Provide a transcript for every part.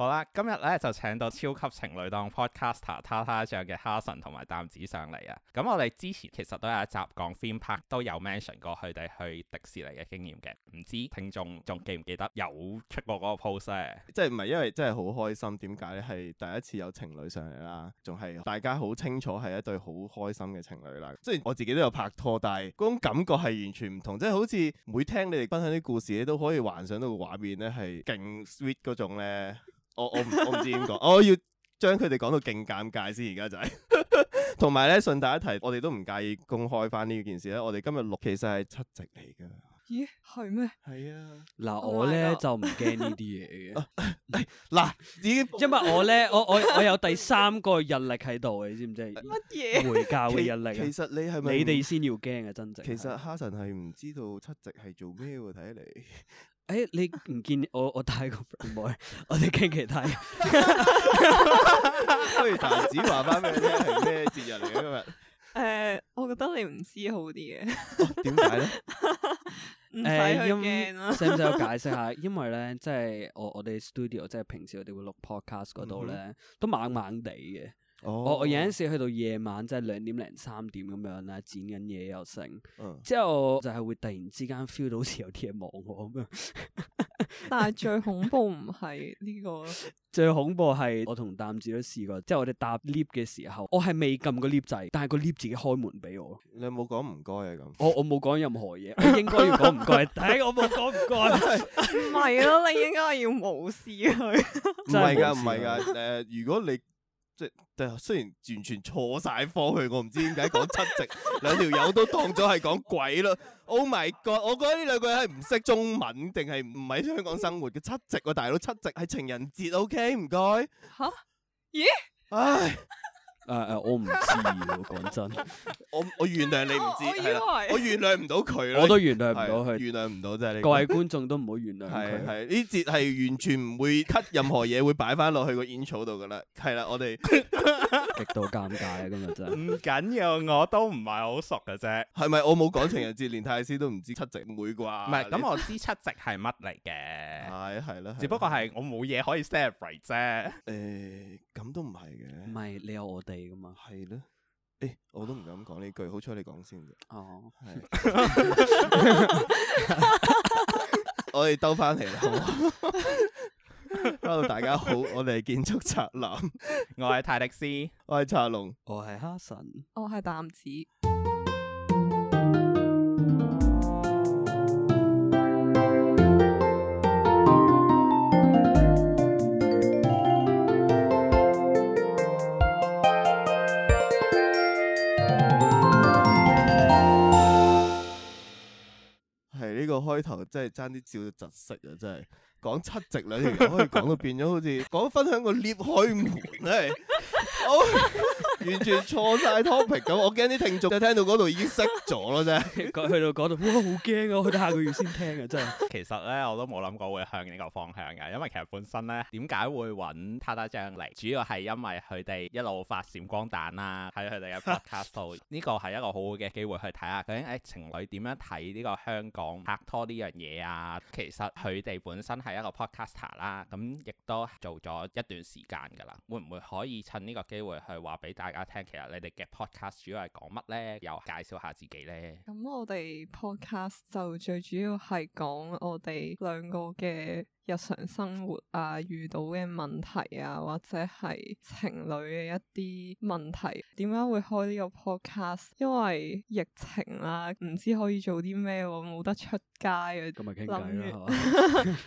好啦，今日咧就請到超級情侶檔 Podcaster，他她醬嘅哈神同埋蛋子上嚟啊！咁我哋之前其實都有一集講 Theme Park，都有 mention 過佢哋去迪士尼嘅經驗嘅。唔知聽眾仲記唔記得有出過嗰個 post？即係唔係因為真係好開心，點解係第一次有情侶上嚟啦？仲係大家好清楚係一對好開心嘅情侶啦。即係我自己都有拍拖，但係嗰種感覺係完全唔同，即係好似每聽你哋分享啲故事，你都可以幻想到個畫面咧，係勁 sweet 嗰種咧。 我我唔我唔知點講，我要將佢哋講到勁尷尬先，就是，而家就係，同埋咧順帶一提，我哋都唔介意公開翻呢件事咧。我哋今日錄其實係七夕嚟噶。咦、欸？係咩？係啊。嗱，我咧 就唔驚呢啲嘢嘅。嗱， 已經，因為我咧， 我我我有第三個日曆喺度你知唔知？乜嘢麼？回教嘅日曆。其實你係咪？你哋先要驚啊，真正。其實哈神係唔知道七夕係做咩喎，睇嚟。誒、欸，你唔見我我帶個 boy 我哋傾其他嘢。不如譚子華翻咩咧？係咩節日嚟嘅今日？誒、呃，我覺得你唔知好啲嘅、哦。點解咧？唔使佢驚咯。使唔使我解釋下？因為咧，即係我我哋 studio，即係平時我哋會錄 podcast 嗰度咧，嗯、哼 都猛猛地嘅。我我有陣時去到夜晚，即係兩點零三點咁樣啦，剪緊嘢又成，之後就係會突然之間 feel 到好似有啲嘢望我咁。但係最恐怖唔係呢個，最恐怖係我同淡子都試過，即係我哋搭 lift 嘅時候，我係未撳個 lift 掣，但係個 lift 自己開門俾我。你冇講唔該啊咁。我我冇講任何嘢，你應該要講唔該。哎，我冇講唔該，唔係咯，你應該要無視佢。唔係噶，唔係噶，誒，如果你。即係，雖然完全錯晒科去，我唔知點解講七夕， 兩條友都當咗係講鬼咯。 Oh my god！我覺得呢兩個人係唔識中文定係唔喺香港生活嘅七夕喎，啊，大佬七夕係情人節，OK？唔該。嚇？咦？唉～ 誒誒，uh, uh, 我唔知喎，講真，我我原諒你唔知，我原諒唔到佢咯，我都原諒唔到佢，原諒唔到真係你，各位觀眾都唔好原諒佢，係呢節係完全唔會 cut 任何嘢， 會擺翻落去個 intro 度噶啦，係啦，我哋極 度尷尬啊今日真，唔緊要，我都唔係好熟嘅啫，係咪 我冇講情人節，連太師都唔知七夕妹啩？唔係是，咁你我知七夕係乜嚟嘅。 係啦，只不過係我冇嘢可以、right、celebrate 啫。誒，咁都唔係嘅，唔係你有我哋噶嘛？係咯，誒，我都唔敢講呢句， 好彩你講先啫。哦，係，我哋兜翻嚟啦。Hello， 大家好，我哋係建築宅男， 我係泰迪斯， 我係策龍，我係哈神，我係淡子。開頭真係爭啲照到窒息啊！真係講七夕兩條友可以講到變咗，好似 講分享個裂開門，係好。完全錯晒 topic 咁， 我驚啲聽眾就聽到嗰度已經熄咗咯，啫！去到嗰度，哇，好驚啊！我覺得下個月先聽嘅、啊，真係。 其實咧，我都冇諗過會向呢個方向嘅，因為其實本身咧，點解會揾他她醬嚟，主要係因為佢哋一路發閃光彈啦、啊，喺佢哋嘅 podcast 呢個係一個好好嘅機會去睇下究竟誒情侶點樣睇呢個香港拍拖呢樣嘢啊！其實佢哋本身係一個 podcaster 啦，咁亦都做咗一段時間㗎啦，會唔會可以趁呢個機會去話俾大家？大家聽，其實，你哋嘅 podcast 主要係講乜咧？又介紹下自己咧。咁我哋 podcast 就最主要係講我哋兩個嘅，日常生活啊，遇到嘅問題啊，或者係情侶嘅一啲問題，點解會開呢個 podcast？因為疫情啦、啊，唔知可以做啲咩、啊，冇得出街啊，傾偈、啊，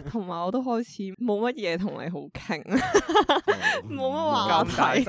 同埋著 我都開始冇乜嘢同你好傾，冇乜 話題，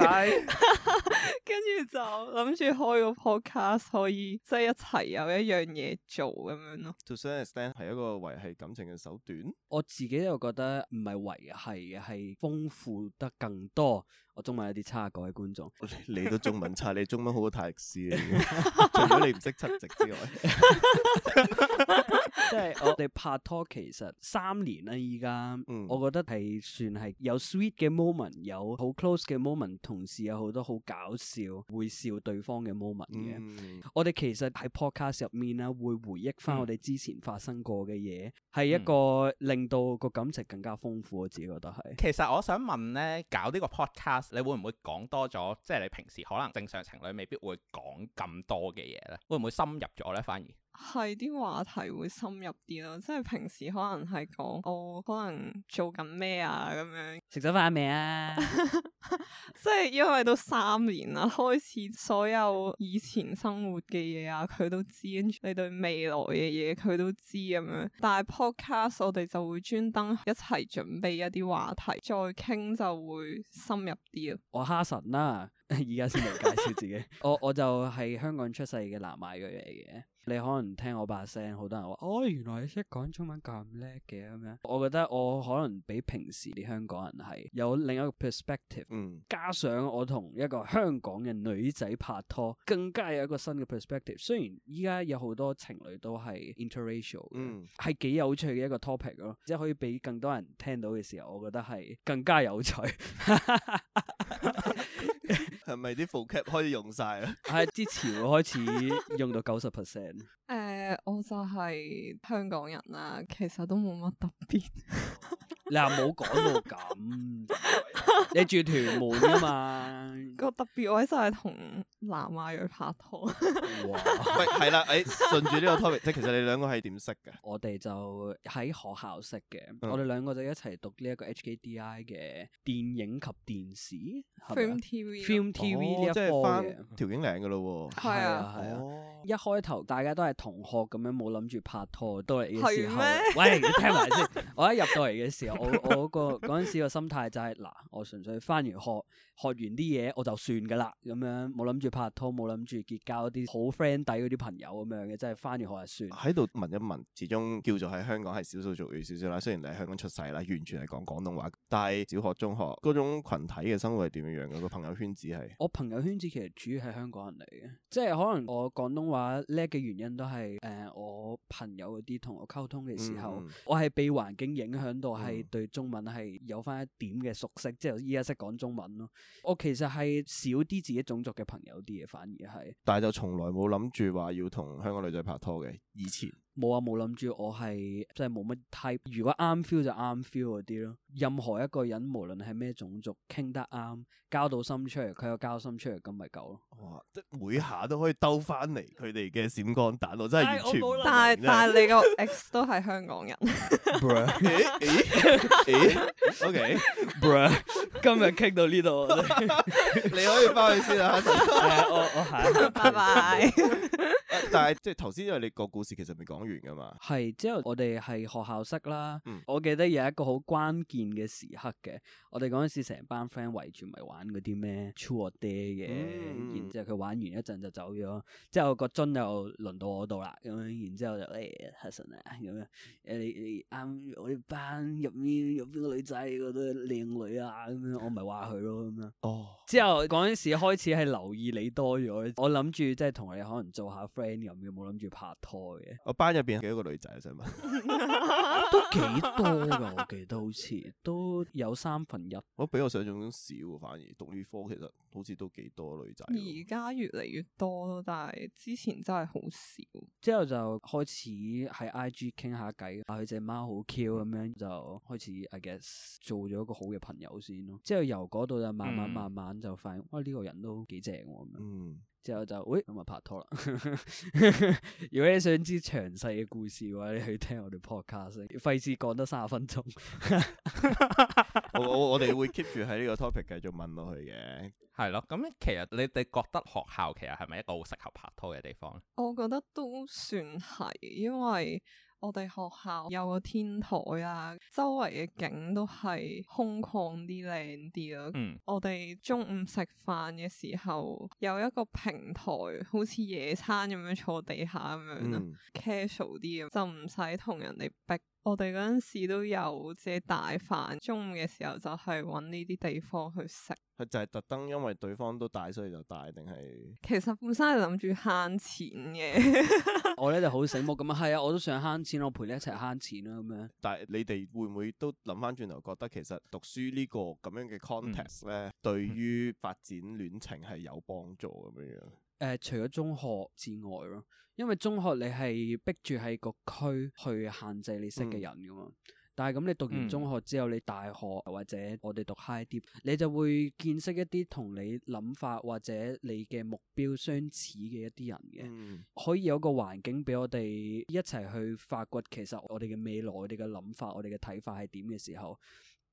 跟住就諗住開個 podcast，可以即係一齊有一樣嘢做咁樣咯。To a certain extent, 係一個維繫感情嘅手段， 我自己有。覺得唔係維繫嘅，係豐富得更多。我中文有啲差，各位觀眾。 你都中文差，你中文好過泰式嚟嘅。除咗你唔識七夕之外， 即係我哋拍拖其實三年啦，依家、嗯，我覺得係算係有 sweet 嘅 moment，有好 close 嘅 moment，同時有好多好搞笑會笑對方嘅 moment 嘅。嗯、我哋其實喺 podcast 入面啦，會回憶翻我哋之前發生過嘅嘢，係、嗯、一個令到個感情更加豐富。我自己覺得係、嗯。其實我想問咧，搞呢個 podcast。你會唔會講多咗？即係你平時可能正常情侶未必會講咁多嘅嘢咧，會唔會深入咗咧？反而？係啲話題會深入啲咯，即係平時可能係講哦，可能做緊咩啊咁樣。食咗飯未啊？ 即係因為都三年啦，開始所有以前生活嘅嘢啊，佢都知；跟住你對未來嘅嘢，佢都知咁樣。但係 podcast 我哋就會專登一齊準備一啲話題，再傾就會深入啲啊。我哈神啦，而家先嚟介紹自己。 我我就係香港出世嘅南馬嘅嘢嘅。你可能聽我把聲，好多人話：哦，原來你識講中文咁叻嘅咁樣。我覺得我可能比平時啲香港人係有另一個 perspective，嗯、加上我同一個香港嘅女仔拍拖，更加有一個新嘅 perspective。雖然依家有好多情侶都係 interracial，係幾、嗯、有趣嘅一個 topic 咯。即係可以俾更多人聽到嘅時候，我覺得係更加有趣。 係咪啲 f cap 可以用晒 啊？係之前我開始用到九十 percent。誒，uh, 我就係香港人啦，其實都冇乜特別。嗱， 冇講到咁，你住屯門啊嘛。個特別位就係同南亞裔去拍拖。哇，唔係係啦，誒、欸，順住呢個 topic，即其實你兩個係點識嘅？ 我哋就喺學校識嘅，嗯、我哋兩個就一齊讀呢一個 HKDI 嘅電影及電視。Film TV TV 呢一科嘅，條件靚嘅咯喎，係啊係啊，哦、一開頭大家都係同學咁樣，冇諗住拍拖都嚟嘅時候，嗎喂，你聽埋先， 我一入到嚟嘅時候，我我、個嗰陣時個心態就係、係、嗱， 我純粹翻完學，學完啲嘢我就算嘅啦，咁樣冇諗住拍拖，冇諗住結交啲好 friend 底嗰啲朋友咁樣嘅，即係翻完學就算。喺度問一問，始終叫做喺香港係少數族語少少啦。雖然你喺香港出世啦，完全係講廣東話，但係小學、中學嗰種羣體嘅生活係點樣樣嘅，個朋友圈子係。我朋友圈子其實主要係香港人嚟嘅，即係可能我廣東話叻嘅原因都係誒、呃、我。朋友嗰啲同我溝通嘅時候，嗯嗯、我係被環境影響到，係對中文係有翻一點嘅熟悉，嗯、即係依家識講中文咯。我其實係少啲自己種族嘅朋友啲嘢，反而係。但係就從來冇諗住話要同香港女仔拍拖嘅，以前。冇啊，冇諗住，我係即係冇乜 type。如果啱 feel 就啱 feel 嗰啲咯。任何一個人，無論係咩種族，傾得啱，交到心出嚟，佢又交心出嚟，咁咪夠咯。哇！即每下都可以兜翻嚟佢哋嘅閃光彈， 我真係完全。但係你個 x 都係香港人。O K，bra，今日傾到呢度， 你可以翻去先啦、欸。我我係， 拜拜、啊。但係即係頭先，因為你個故事其實未講完噶嘛。係，之後我哋係學校識啦。嗯、我記得有一個好關鍵嘅時刻嘅，我哋嗰陣時成班 friend 圍住咪玩嗰啲咩 True or Dare 嘅，嗯、然之後佢玩完一陣就走咗，之後個樽又輪到我度啦，咁樣然之後。我就誒，阿、哎、神啊，咁樣誒、啊，你你啱、嗯、我啲班入面有邊個女仔，嗰啲靚女啊，咁樣我咪話佢咯，咁樣。哦，之後嗰陣時開始係留意你多咗，我諗住即係同你可能做下 friend 咁樣，冇諗住拍拖嘅。我班入邊幾多個女仔想問？ 都幾多㗎，我記得好似都有三分一。我比我想中少喎，反而讀呢科，其實好似都幾多女仔。而家越嚟越多咯，但係之前真係好少。之後就開始喺 I G 傾下偈，話佢隻貓好 Q 咁樣，就開始 I guess 做咗一個好嘅朋友先咯。之後由嗰度就慢慢慢慢就發現，嗯、哇，呢個人都幾正喎咁樣。嗯。之後就，喂、哎，咁啊拍拖啦！ 如果你想知詳細嘅故事嘅話，你去聽我哋 podcast，費事講多三十分鐘 。我我哋會 keep 住喺呢個 topic 繼續問落去嘅。係 咯，咁、嗯、其實你哋覺得學校其實係咪一個好適合拍拖嘅地方咧？我覺得都算係，因為。我哋學校有個天台啊，周圍嘅景都係空曠啲、靚啲咯。我哋中午食飯嘅時候有一個平台，好似野餐咁樣坐地下咁樣 casual 啲咁，就唔使同人哋逼。我哋嗰陣時都有即係帶飯，中午嘅時候就係揾呢啲地方去食。佢就係特登，因為對方都帶，所以就帶定係。其實本身係諗住慳錢嘅， 我呢就好醒目咁啊！係啊，我都想慳錢，我陪你一齊慳錢啦咁樣。但係你哋會唔會都諗翻轉頭覺得，其實讀書呢個咁樣嘅 context 咧、嗯，對於發展戀情係有幫助咁樣樣。嗯嗯。誒、呃、除咗中學之外咯，因為中學你係逼住喺個區去限制你識嘅人噶嘛，嗯、但係咁你讀完中學之後，嗯、你大學或者我哋讀 high dip，你就會見識一啲同你諗法或者你嘅目標相似嘅一啲人嘅，嗯、可以有個環境俾我哋一齊去發掘其實我哋嘅未來、我哋嘅諗法、我哋嘅睇法係點嘅時候。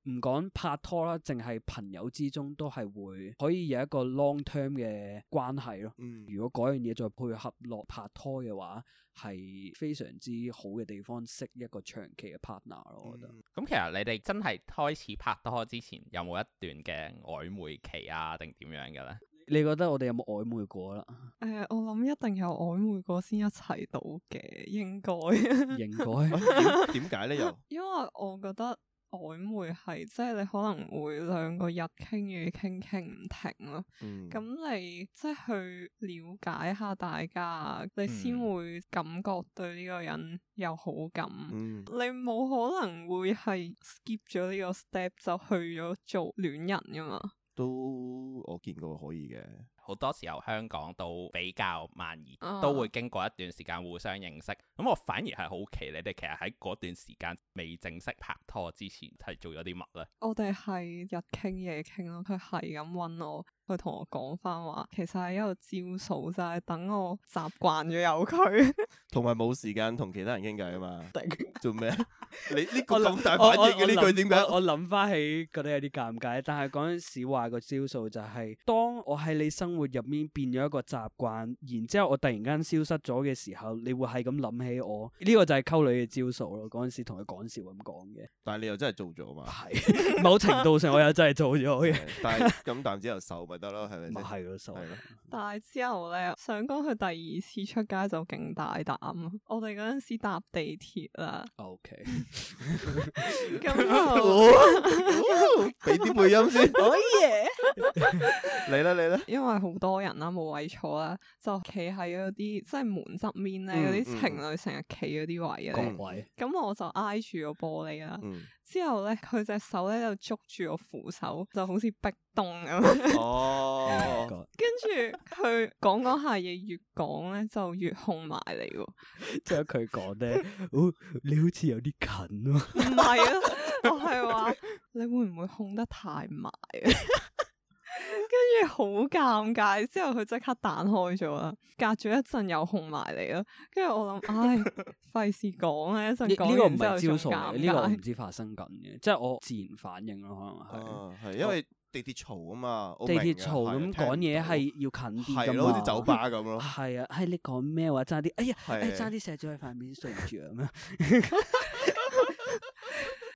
唔講拍拖啦，淨係朋友之中都係會可以有一個 long term 嘅關係咯。嗯、如果嗰樣嘢再配合落拍拖嘅話，係非常之好嘅地方，識一個長期嘅 partner 咯。嗯、我覺得。咁其實你哋真係開始拍拖之前，有冇一段嘅曖昧期啊？定點樣嘅咧？你覺得我哋有冇曖昧過啦？誒、呃，我諗一定有曖昧過先一齊到嘅，應該。 應該點解咧？又、 啊？為 因為我覺得。曖昧係，即係你可能會兩個日傾夜傾傾唔停咯。咁、嗯、你即係去了解下大家，嗯、你先會感覺對呢個人有好感。嗯、你冇可能會係 skip 咗呢個 step 就去咗做戀人噶嘛？都我見過可以嘅。好多時候香港都比較慢熱，啊、都會經過一段時間互相認識。咁我反而係好奇，你哋其實喺嗰段時間未正式拍拖之前，係做咗啲乜咧？我哋係日傾夜傾咯，佢係咁搵我，佢同我講翻話，其實係一個招數，就係、是、等我習慣咗有佢，同埋冇時間同其他人傾偈啊嘛。定 做咩？你呢個咁大反應嘅呢句點解？我諗翻起覺得有啲尷尬，但係嗰陣時話個招數就係、是，當我喺你生活。入面變咗一個習慣，然之後我突然間消失咗嘅時候，你會係咁諗起我，呢個就係溝女嘅招數咯。嗰陣時同佢講笑咁講嘅，但係你又真係做咗嘛的？係， 某程度上我又真係做咗嘅。但係咁， 但之後收咪得咯，係咪先？係咯，收咯。但係之後咧，想講佢第二次出街就勁大膽。我哋嗰陣時搭地鐵啦。O K，咁俾啲背音先。可以。嚟啦，嚟啦。因為。好多人啦，冇位坐啦，就企喺嗰啲即係門側面咧，嗰啲，嗯、情侶成日企嗰啲位咧。咁，嗯嗯、我就挨住個玻璃啦，嗯，之後咧佢隻手咧就捉住個扶手，就好似壁咚咁。哦。 跟住佢講嗰下嘢，越講咧就越控埋你喎。即係佢講咧，哦，你好似有啲近咯，嗯。唔係 啊，我係話你會唔會控得太埋啊？ 跟住好尷尬，之後佢即刻彈開咗啦，隔咗一陣又控埋嚟啦。跟住我諗，唉，費事講啦，一陣講完之後尷尬。呢個唔係招數嘅，呢個我唔知發生緊嘅，即係我自然反應咯，可能係。係因為地鐵嘈啊嘛，地鐵嘈咁講嘢係要近啲，係咯，好似酒吧咁咯。係啊，係你講咩話揸啲？哎呀，哎揸啲石子喺塊面，睡住着啊！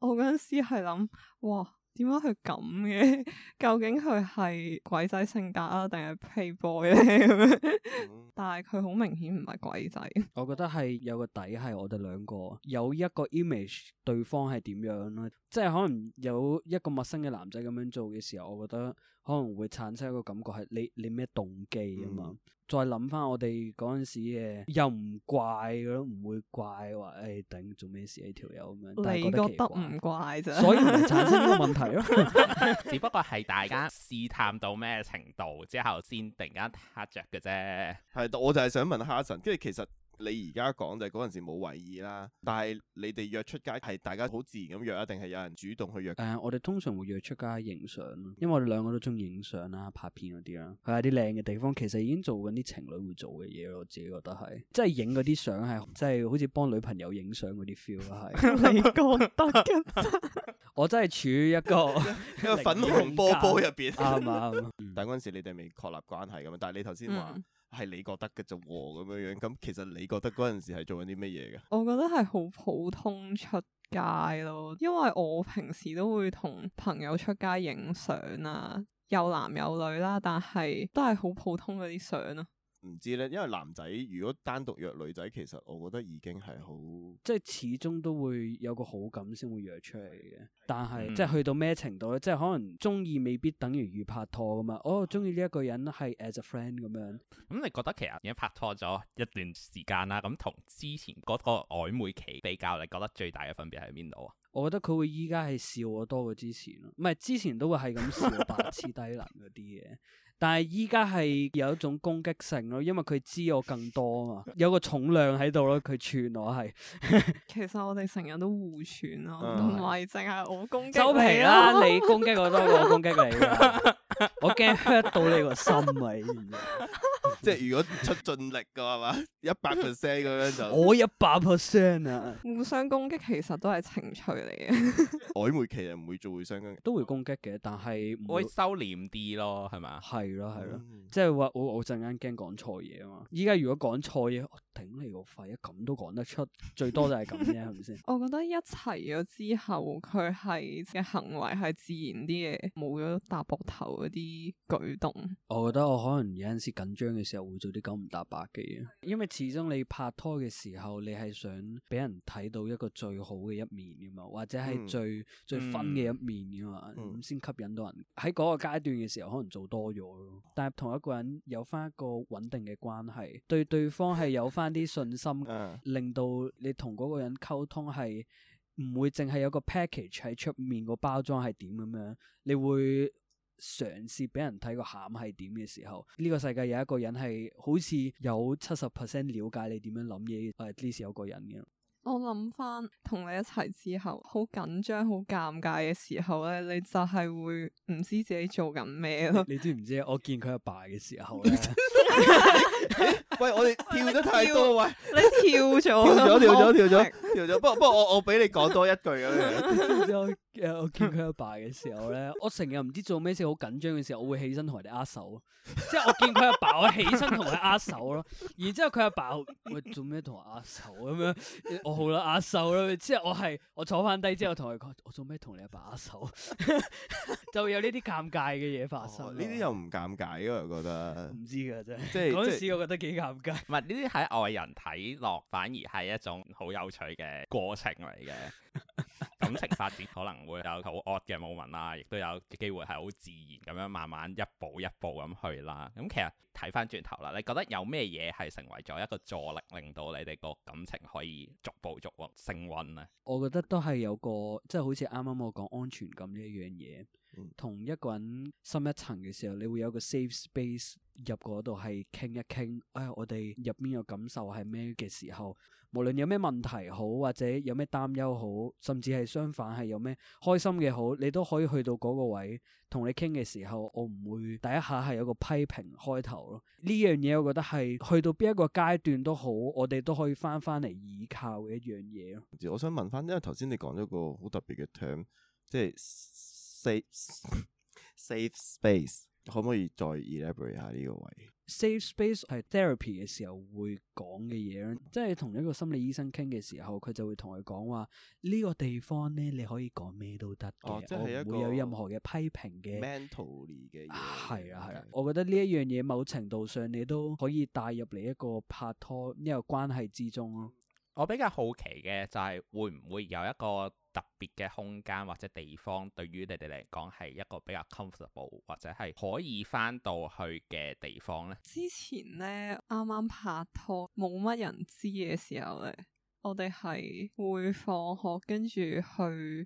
我嗰陣時係諗，哇～點解佢咁嘅？ 究竟佢係鬼仔性格啊，定係 playboy 咧 但係佢好明顯唔係鬼仔。我覺得係有個底，係我哋兩個有一個 image，對方係點樣咧？即係可能有一個陌生嘅男仔咁樣做嘅時候，我覺得。可能會產生一個感覺係你你咩動機啊嘛？嗯、再諗翻我哋嗰陣時嘅又唔怪，怪、哎啊這個、怪，都唔會怪話誒頂做咩事呢條友咁樣，但係你覺得唔怪咋？所以產生個問題咯、啊， 只不過係大家試探到咩程度之後，先突然間黑着嘅啫。係，我就係想問吓阿神，因為其實。你而家講就嗰陣時冇為意啦，但係你哋約出街係大家好自然咁約啊，定係有人主動去約？誒、呃，我哋通常會約出街影相因為我哋兩個都鍾意影相啦、拍片嗰啲啦，去下啲靚嘅地方，其實已經做緊啲情侶會做嘅嘢咯。我自己覺得係，即係影嗰啲相係，即係好似幫女朋友影相嗰啲 feel 咯，係。你覺得嘅？我真係處於一個， 一個粉紅波波入邊，啱啱？ 嗯、但係嗰陣時你哋未確立關係咁啊，但係你頭先話。嗯係你覺得嘅啫，咁樣樣，咁其實你覺得嗰陣時係做緊啲乜嘢嘅？我覺得係好普通出街咯，因為我平時都會同朋友出街影相啊，有男有女啦，但係都係好普通嗰啲相咯。唔知咧，因為男仔如果單獨約女仔，其實我覺得已經係好，即係始終都會有個好感先會約出嚟嘅。但係、嗯、即係去到咩程度咧？即係可能中意未必等於要拍拖噶嘛。哦，中意呢一個人係 as a friend 咁樣。咁、嗯、你覺得其實而家拍拖咗一段時間啦，咁同之前嗰個曖昧期比較，你覺得最大嘅分別喺邊度啊？我覺得佢會依家係笑我多過之前咯，唔係之前都會係咁笑白痴低能嗰啲嘅。但係依家係有一種攻擊性咯，因為佢知我更多啊嘛，有個重量喺度咯，佢傳我係。 其實我哋成日都互傳咯，唔係淨係我攻擊你。周皮啦， 你攻擊我多過我攻擊你， 我驚 hurt 到你個心啊！ 即係如果出盡力嘅係嘛，一百 percent 咁樣就我一百 percent 啊！互相攻擊其實都係情趣嚟嘅。曖昧期就唔會做互相攻擊，都會攻擊嘅，但係我會收斂啲咯，係、嗯嗯、嘛？係咯係咯，即係話我我陣間驚講錯嘢啊嘛！依家如果講錯嘢。頂你個肺啊！咁都講得出，最多就係咁啫，係咪先？我覺得一齊咗之後，佢係嘅行為係自然啲嘅，冇咗搭膊頭嗰啲舉動。 我覺得我可能有陣時緊張嘅時候會做啲九唔搭八嘅嘢，因為始終你拍拖嘅時候，你係想俾人睇到一個最好嘅一面㗎嘛，或者係最、嗯、最分嘅一面㗎嘛，咁先、嗯、吸引到人。喺嗰個階段嘅時候，可能做多咗咯。但係同一個人有返一個穩定嘅關係，對對方係有返啲信心，令到你同個人溝通係唔會淨係有個 package 喺出面個包裝係點咁樣，你會嘗試俾人睇個餡係點嘅時候，呢個世界有一個人係好似有七十 percent 了解你點樣諗嘢，或者至少有個人嘅。我諗翻同你一齊之後，好緊張、好尷尬嘅時候咧，你就係會唔知自己做緊咩咯。你知唔知我見佢阿爸嘅時候咧？ 喂，我哋跳咗太多，跳喂，你跳咗， 跳咗，跳咗，跳咗，跳咗。 不過不過我我俾你講多一句咁樣。 我見佢阿爸嘅時候咧， 我成日唔知做咩事好緊張嘅時候，我會起身同佢哋握手， 即係我見佢阿爸、爸，我起身同佢握手咯。然之後佢阿爸、爸，喂做咩同我握手咁樣？我好啦，握手咯。即係我係我坐翻低之後同佢講，我做咩同你阿爸握手？ 就會有呢啲尷尬嘅嘢發生。呢啲、哦、又唔尷尬噶，我覺得。唔 知噶真係。即係嗰陣時，我覺得幾尷尬是。唔係呢啲喺外人睇落，反而係一種好有趣嘅過程嚟嘅。 感情發展可能會有好 odd 嘅 moment 啦，亦都有機會係好自然咁樣慢慢一步一步咁去啦。咁其實睇翻轉頭啦，你覺得有咩嘢係成為咗一個助力，令到你哋個感情可以逐步逐步升溫呢？我覺得都係有個即係、就是、好似啱啱我講安全感呢一樣嘢，嗯、同一個人深一層嘅時候，你會有個 safe space。入嗰度係傾一傾，哎，我哋入邊嘅感受係咩嘅時候，無論有咩問題好，或者有咩擔憂好，甚至係相反係有咩開心嘅好，你都可以去到嗰個位同你傾嘅時候，我唔會第一下係有個批評開頭咯。呢樣嘢我覺得係去到邊一個階段都好，我哋都可以翻翻嚟依靠嘅一樣嘢咯。我想問翻，因為頭先你講咗個好特別嘅 term，即係 s a safe space。可唔可以再 elaborate 下呢個位？Safe Space 係 therapy 嘅時候會講嘅嘢，即係同一個心理醫生傾嘅時候，佢就會同佢講話呢、這個地方咧，你可以講咩都得嘅，哦、即我唔會有任何嘅批評嘅。Mentally 嘅係啊係啊，啊啊嗯、我覺得呢一樣嘢某程度上你都可以帶入嚟一個拍拖呢、這個關係之中咯、啊。我比較好奇嘅就係會唔會有一個特別嘅空間或者地方，對於你哋嚟講係一個比較 comfortable 或者係可以返到去嘅地方呢？之前呢，啱啱拍拖冇乜人知嘅時候呢。我哋係會放學跟住去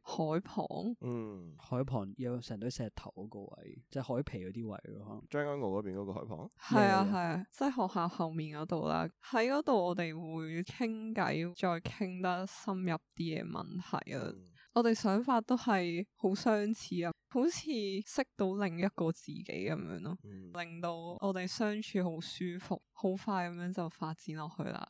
海旁，嗯，海旁有成堆石頭嗰個位，即係海皮嗰啲位咯，將軍澳嗰邊嗰個海旁，係啊係啊，即係學校後面嗰度啦。喺嗰度我哋會傾偈，再傾得深入啲嘅問題啊。嗯、我哋想法都係好相似啊，好似識到另一個自己咁樣咯，嗯、令到我哋相處好舒服，好快咁樣就發展落去啦。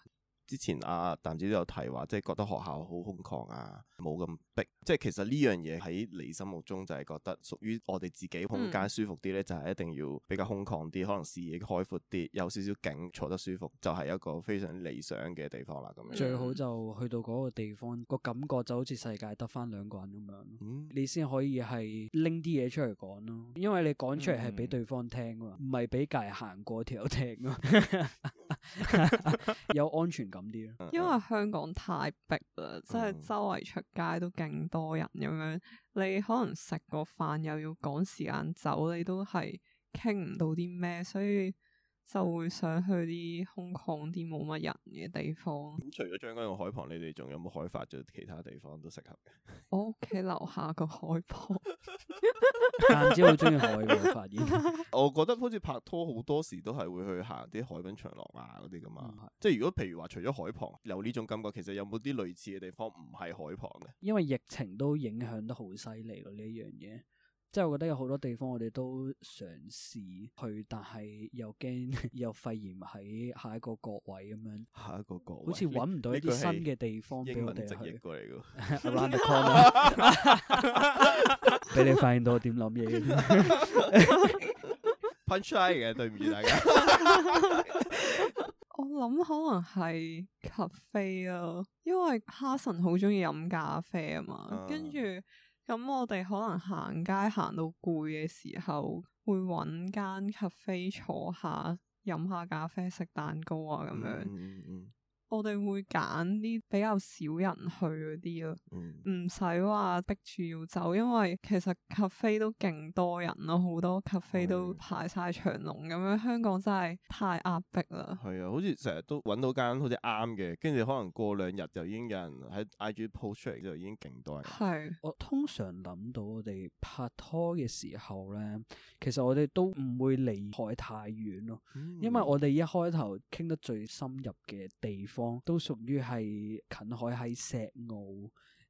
之前啊，彈子都有提話，即係覺得學校好空曠啊。冇咁逼，即係其實呢樣嘢喺你心目中就係覺得屬於我哋自己空間舒服啲咧，嗯、就係一定要比較空曠啲，可能視野開闊啲，有少少景，坐得舒服就係、是、一個非常理想嘅地方啦。咁樣最好就去到嗰個地方，個感覺就好似世界得翻兩個人咁樣，嗯、你先可以係拎啲嘢出嚟講咯，因為你講出嚟係俾對方聽啊，唔係俾隔行過條友聽啊， 有安全感啲咯。嗯嗯，因為香港太逼啦，即、就、係、是、周圍出。街都勁多人咁樣，你可能食個飯又要趕時間走，你都係傾唔到啲咩，所以。就會想去啲空曠啲、冇乜人嘅地方，啊。咁除咗將軍澳海旁，你哋仲有冇開發咗其他地方都適合嘅 我屋企樓下個海旁，但係子好中意海，發現。 我覺得好似拍拖好多時都係會去行啲海濱長廊，啊嗰啲㗎嘛。嗯、即係如果譬如話除咗海旁，有呢種感覺，其實有冇啲類似嘅地方唔係海旁嘅？因為疫情都影響得好犀利咯呢一樣嘢。即係我覺得有好多地方我哋都嘗試去，但係又驚又肺炎喺下一個角位咁樣， 下一個角好似搵唔到一啲新嘅地方俾我哋去。 Around the corner 俾你發現到我點諗嘢。Punchline 嘅，對唔住大家。 我諗可能係咖啡啊，因為哈神好中意飲咖啡啊嘛，跟住、嗯。咁我哋可能行街行到攰嘅時候，會揾間咖啡坐下，飲下咖啡，食蛋糕啊咁樣。我哋會揀啲比較少人去嗰啲咯，唔使話逼住要走，因為其實 cafe 都勁多人咯，好多 cafe 都排晒長龍咁、嗯、樣。香港真係太壓迫啦。係啊，好似成日都揾到間好似啱嘅，跟住可能過兩日就已經有人喺 IG post 出嚟，就已經勁多人。係是，我通常諗到我哋拍拖嘅時候咧，其實我哋都唔會離海太遠咯，嗯、因為我哋一開頭傾得最深入嘅地方。都屬於係近海，喺石澳，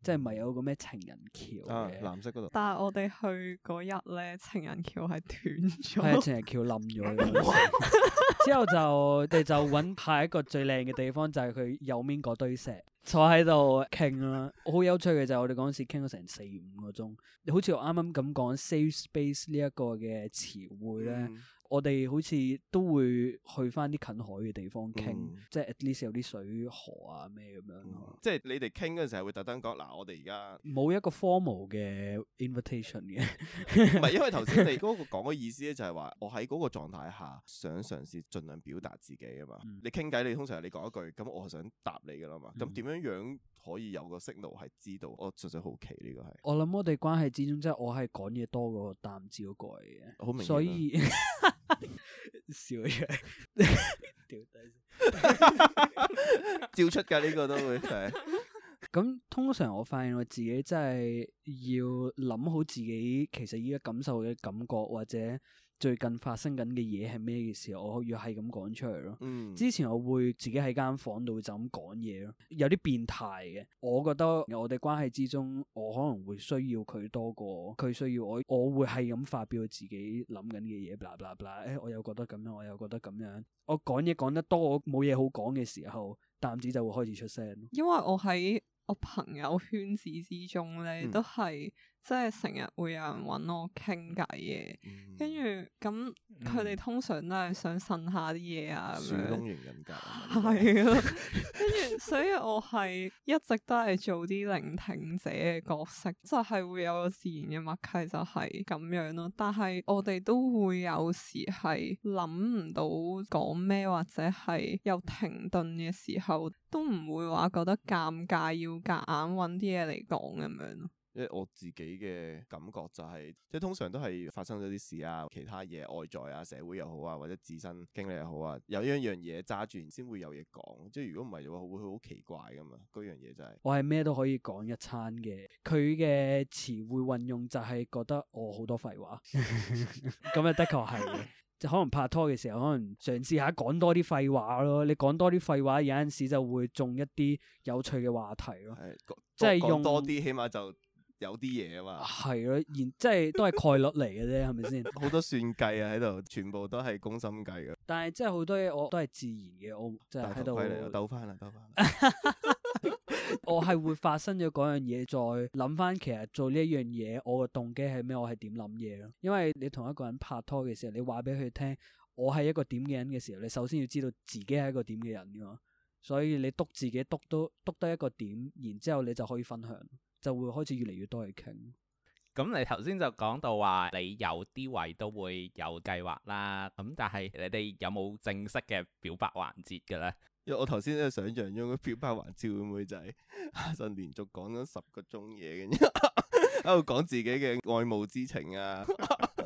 即係咪有個咩情人橋？啊，藍色嗰度。但係我哋去嗰日咧，情人橋係斷咗， 情人橋冧咗。 之後就我哋就揾下一個最靚嘅地方，就係、是、佢右面嗰堆石，坐喺度傾啦。好有趣嘅就係我哋嗰陣時傾咗成四五個鐘，好似我啱啱咁講 safe space 呢一個嘅詞彙咧。我哋好似都會去翻啲近海嘅地方傾，嗯、即係 at least 有啲水河啊咩咁樣。嗯、吧即係你哋傾嗰陣時係會特登講嗱，我哋而家冇一個 formal 嘅 invitation 嘅。唔係， 因為頭先你嗰個講嘅意思咧，就係話我喺嗰個狀態下想嘗試盡量表達自己啊嘛。嗯、你傾偈，你通常係你講一句，咁我想答你噶啦嘛。咁點樣樣？可以有個訊號係知道，我實在好奇呢個係。我諗我哋關係之中，即係我係講嘢多過擔照過嚟嘅，所以笑嘢 笑著 照出㗎呢、呢個都會係。咁通常我發現我自己真係要諗好自己，其實依家感受嘅感覺或者，最近發生緊嘅嘢係咩嘅時候，我可以係咁講出嚟咯。嗯、之前我會自己喺間房度就咁講嘢咯，有啲變態嘅。我覺得我哋關係之中，我可能會需要佢多過佢需要我。我會係咁發表自己諗緊嘅嘢，blah, blah, blah、哎、我又覺得咁樣，我又覺得咁樣。我講嘢講得多，我冇嘢好講嘅時候，男子就會開始出聲，因為我喺我朋友圈子之中呢，都係、嗯。即係成日會有人揾我傾偈嘅，跟住咁佢哋通常都係想呻下啲嘢啊，樹洞型人格，係咯，跟住所以我係一直都係做啲聆聽者嘅角色，就係會有個自然嘅默契就係咁樣咯。但係我哋都會有時係諗唔到講咩或者係有停頓嘅時候，都唔會話覺得尷尬，要夾硬揾啲嘢嚟講咁樣咯。即係我自己嘅感覺就係、是，即係通常都係發生咗啲事啊，其他嘢外在啊、社會又好啊，或者自身經歷又好啊，有一樣嘢揸住先會有嘢講。即係如果唔係嘅話，會好奇怪㗎嘛。嗰樣嘢就係、是、我係咩都可以講一餐嘅，佢嘅詞彙運用就係覺得我好、哦、多廢話，咁 啊， 的確係就可能拍拖嘅時候，可能嘗試下講多啲廢話咯。你講多啲廢話，有陣時就會中一啲有趣嘅話題咯，即係用多啲，起碼就。有啲嘢嘛、 啊，係咯，然即係都係概率嚟嘅啫，係咪先？好 多算計啊喺度，全部都係攻心計嘅。 但係即係好多嘢我都係自然嘅，我即係喺度斗翻啦， 我係會發生咗嗰樣嘢，再諗翻其實做呢一樣嘢，我嘅動機係咩？我係點諗嘢咯？因為你同一個人拍拖嘅時候，你話俾佢聽，我係一個點嘅人嘅時候，你首先要知道自己係一個點嘅人噶嘛。所以你督自己督都督得一個點，然之後你就可以分享。就會開始越嚟越多嘢傾。咁你頭先就講到話，你有啲位都會有計劃啦。咁但係你哋有冇正式嘅表白環節嘅咧？因為我頭先都係想象中嘅表白環節會唔會就係、是、就、啊、連續講咗十個鐘嘢，嘅？喺度講自己嘅愛慕之情啊。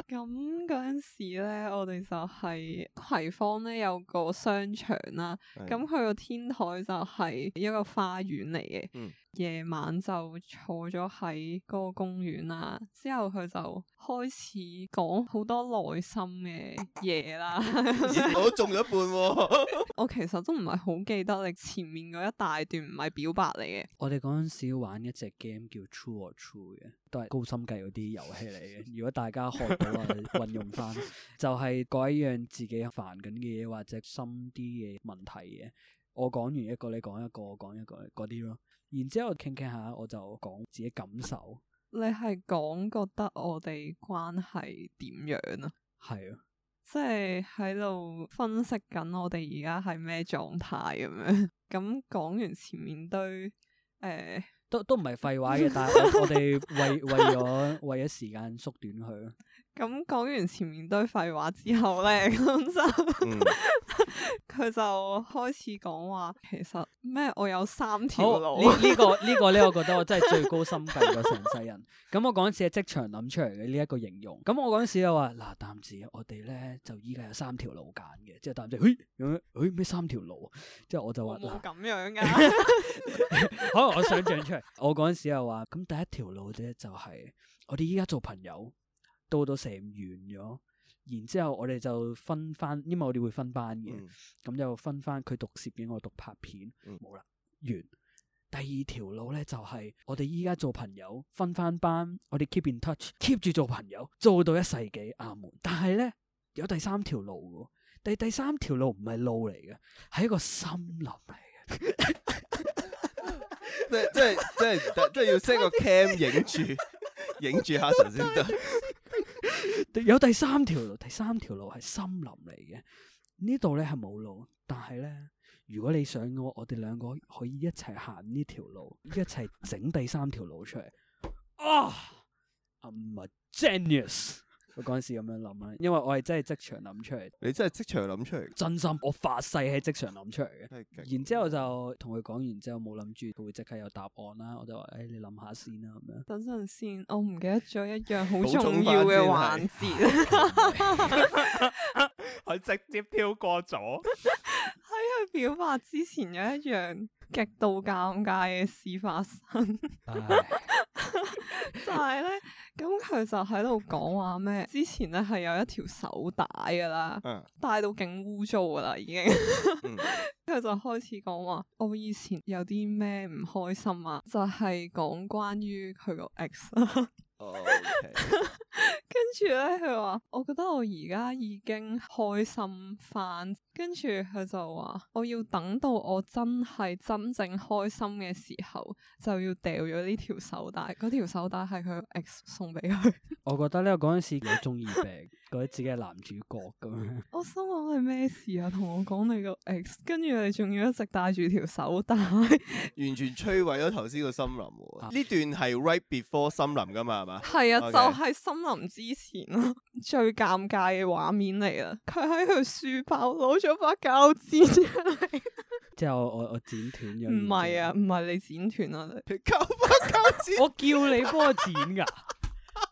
咁嗰陣時咧，我哋就係葵芳咧有個商場啦。咁佢個天台就係一個花園嚟嘅。夜晚就坐咗喺嗰個公園啦，之後佢就開始講好多內心嘅嘢啦。 我都中咗一半，哦， 我其實都唔係好記得你前面嗰一大段唔係表白嚟嘅。 我哋嗰陣時玩一隻 game 叫 True or True 嘅，都係高心計嗰啲遊戲嚟嘅。如果大家學到啊，運 用翻，就係、是、講一樣自己煩緊嘅嘢，或者深啲嘅問題嘅。我講完一個，你講一個，我講一個，嗰啲咯。然之後傾傾下，我就講自己感受。你係講，覺得我哋關係點樣啊？係啊，即係喺度分析緊我哋而家係咩狀態咁樣。咁 講完前面對誒、呃，都都唔係廢話嘅，但係我哋為 為咗為咗時間縮短佢。咁講完前面堆廢話之後咧，咁就佢就開始講話，其實咩？我有三條路。呢呢好、 這個呢、這個咧，我覺得我真係最高心計個成世人。咁 我嗰陣時即場諗出嚟嘅呢一個形容。咁我嗰陣時又話嗱，暫、呃、時我哋咧就依家有三條路揀嘅。即係暫時，誒、哎、咩、哎、三條路？ 即係我就話，咁樣嘅、啊。 好，我想象出嚟。 我嗰陣時又話，咁第一條路咧就係我哋依家做朋友。到咗成完咗，然之後我哋就分翻，因為我哋會分班嘅，咁就分翻佢讀攝影，我讀拍片，冇啦，完。第二條路咧就係我哋依家做朋友，分翻班，我哋 keep in touch，keep 住做朋友，做到一世紀阿門。但係咧有第三條路嘅，第第三條路唔係路嚟嘅，係一個森林嚟嘅。即係即係即係即係要 set 個 cam 影住，影住下神仙都。 有第三條路，第三條路係森林嚟嘅，呢度咧係冇路，但係咧如果你想嘅話，我哋兩個可以一齊行呢條路， 一齊整第三條路出嚟。啊、 oh，I'm a genius。嗰陣時咁樣諗啦，因為我係真係即場諗出嚟。你真係即場諗出嚟？真心，我發誓係即場諗出嚟嘅。然之後就同佢講完之後，冇諗住佢會即刻有答案啦，我就話，誒、哎，你諗下先啦、啊、咁樣。等陣先，我唔記得咗一樣好重要嘅環節。佢 直接跳過咗。 喺佢表白之前有一樣極度尷尬嘅事發生唉， 就係咧，咁佢就喺度講話咩？之前咧係有一條手帶噶啦，戴、嗯、到勁污糟噶啦，已經佢 就開始講話，我以前有啲咩唔開心啊，就係、是、講關於佢個 ex。跟住咧，佢話， 我覺得我而家已經開心翻。跟住佢就話，我要等到我真係真正開心嘅時候，就要掉咗呢條手帶。嗰條手帶係佢 X 送俾佢。 我覺得咧、這個，嗰陣時幾中意病覺得自己係 男主角咁樣。 我心諗係咩事啊？同我講你個 X，跟住你仲要一直戴住條手帶， 完全摧毀咗頭先個森林。呢、啊、 段係 Right Before 森林噶嘛、啊？係啊，Okay. 就係森林之前咯，最尷尬嘅畫面嚟啦！佢喺佢書包攞咗把膠剪，出 嚟，之後我我剪斷咗。唔係啊，唔係你剪斷啊！佢九把膠剪， 我叫你幫我剪噶。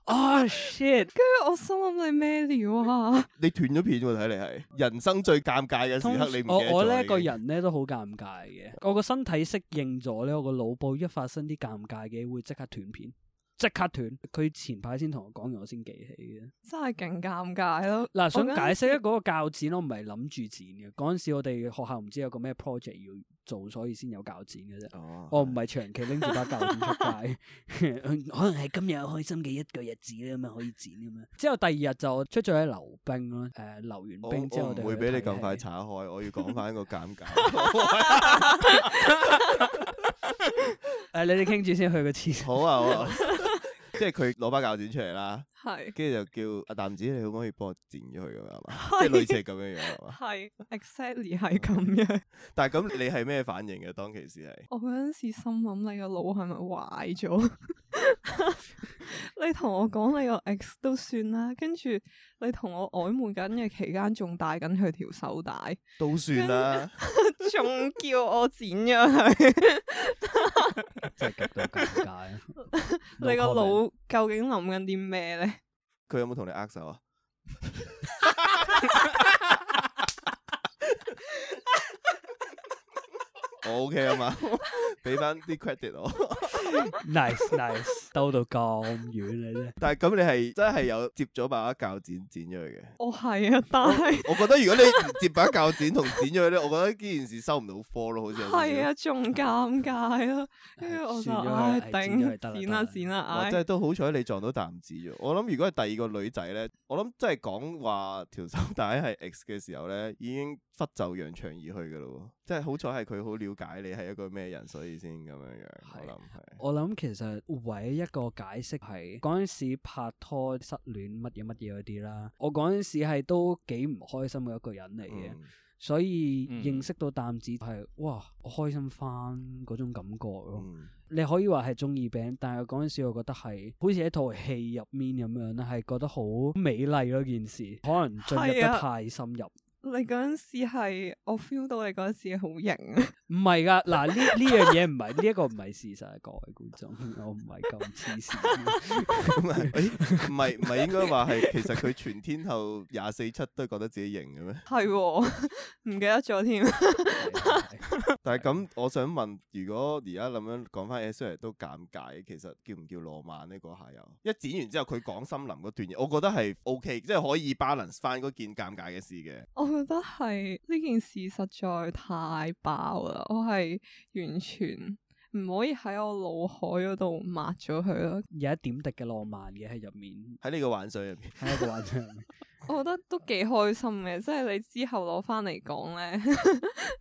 啊、oh、shit！跟住我心諗，你咩料啊？你斷咗片喎，睇嚟係。人生最尷尬嘅時刻，你我我咧個人咧都好尷尬嘅。我個身體適應咗咧，我個腦部一發生啲尷尬嘅，會即刻斷片。即刻斷，佢前排先同我講完，我先記起嘅。真係勁尷尬咯！嗱，想解釋咧嗰個教剪，我唔係諗住剪嘅。嗰陣時我哋學校唔知有個咩 project 要做，所以先有教剪嘅啫。哦。我唔係長期拎住把教剪出街，可能係今日開心嘅一個日子咧，咁樣可以剪咁樣。之後第二日就出咗去溜冰啦。誒，溜完冰之後我哋會俾你咁快查開。我要講翻一個尷尬。誒，你哋傾住先去個廁所。好啊，好啊。即係佢攞把鉸剪出嚟啦。係，跟住是就叫阿淡子，你可唔可以幫我剪咗佢噶嘛？即係是 類似咁樣樣，係 ，exactly 係咁樣。但係咁你係咩反應嘅？ 當其時係，我嗰陣時心諗你個腦係咪壞咗？ 你同我講你個 ex 都算啦，跟住你同我曖昧緊嘅期間，仲戴緊佢條手帶，都算啦，仲 叫我剪咗佢，即係極到尷尬。你個腦究竟諗緊啲咩咧？ 佢有冇同你握手啊？我 OK 啊嘛，俾翻啲 credit 我，nice nice，兜到咁遠咧。但係咁你係真係有接咗把鉸剪剪咗去嘅？哦，係啊，但係我覺得如果你唔接把鉸剪同剪咗去咧，我覺得呢件事收唔到科咯，好似係。係啊，仲尷尬咯。跟住我就唉頂，剪啦剪啦。我真係都好彩你撞到男子啫。我諗如果係第二個女仔咧，我諗真係講話條手帶係 X 嘅時候咧，已經拂袖揚長而去噶咯。即係好彩係佢好了解你係一個咩人，所以先咁樣樣。係，我諗係，我諗其實唯一一個解釋係嗰陣時拍拖失戀乜嘢乜嘢嗰啲啦。我嗰陣時係都幾唔開心嘅一個人嚟嘅，嗯、所以、嗯、認識到淡子係哇我開心返嗰種感覺咯。嗯、你可以話係中二病，但係嗰陣時我覺得係好似一套戲入面咁樣啦，係覺得好美麗嗰件事，可能進入得太深入。你嗰陣時係，我 feel 到你嗰陣時好型啊！唔係噶，嗱呢呢樣嘢唔係呢一個唔係事實啊！各位觀眾，我唔係咁痴線。唔係唔係應該話係，其實佢全天候廿四七都覺得自己型嘅咩？係、 哦，唔記得咗添。但係咁，我想問，如果而家咁樣講翻 s p e 都尷尬，其實叫唔叫浪漫呢個下又一剪完之後，佢講森林嗰段嘢，我覺得係 O K，即係可以 balance 翻嗰件尷尬嘅事嘅。 我覺得係呢件事實在太爆啦！我係完全唔可以喺我腦海嗰度抹咗佢咯，有一點滴嘅浪漫嘅喺入面，喺呢個幻想入面，喺一個幻想入面。 我覺得都幾開心嘅，即係你之後攞翻嚟講咧，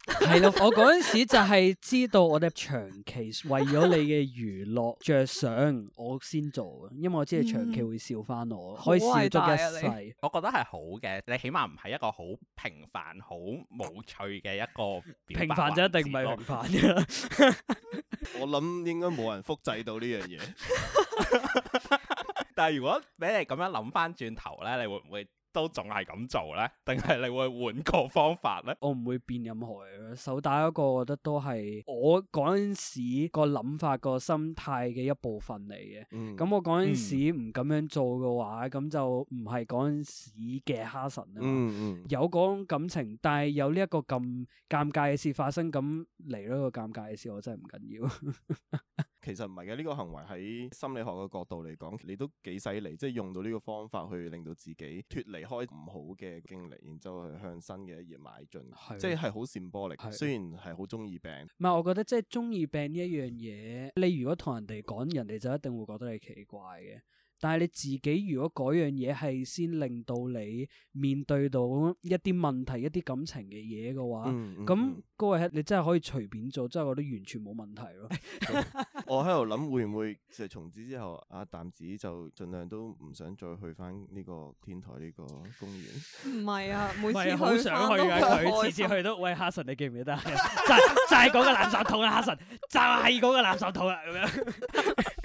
係 咯。我嗰陣時就係知道我哋長期為咗你嘅娛樂着想，我先做嘅，因為我知道你長期會笑翻我，嗯、可以笑足、啊、一世。你我覺得係好嘅，你起碼唔係一個好平凡、好無趣嘅一個。平凡就一定唔係平凡嘅。 我諗應該冇人複製到呢樣嘢。 但係如果俾你咁樣諗翻轉頭咧，你會唔會？都仲係咁做呢？定係你會換個方法呢？我唔會變任何嘢。手打一個我覺得都係我嗰陣時個諗法個心態嘅一部分嚟嘅。咁、嗯、我嗰陣時唔咁樣做嘅話，咁、嗯、就唔係嗰陣時嘅哈神啊、嗯、有嗰種感情，但係有呢一個咁尷尬嘅事發生，咁嚟呢個尷尬嘅事，我真係唔緊要。 其實唔係嘅，呢、這個行為喺心理學嘅角度嚟講，你都幾犀利，即係用到呢個方法去令到自己脫離開唔好嘅經歷，然之後去向新嘅一頁邁進，是的 即係係好 symbolic。雖然係好中意病，唔係的我覺得即係中意病呢一樣嘢，你如果同人哋講，人哋就一定會覺得你奇怪嘅。但係你自己如果嗰樣嘢係先令到你面對到一啲問題，一啲感情嘅嘢嘅話，咁嗰位係你真係可以隨便做，真係我都完全冇問題咯。 我喺度諗會唔會就從此之後，阿淡子就盡量都唔想再去翻呢個天台呢個公園。唔係啊，每次好想去啊。佢次次去都喂，哈神你記唔記得？就，就係嗰個垃圾桶啊，哈神就係嗰個垃圾桶啊。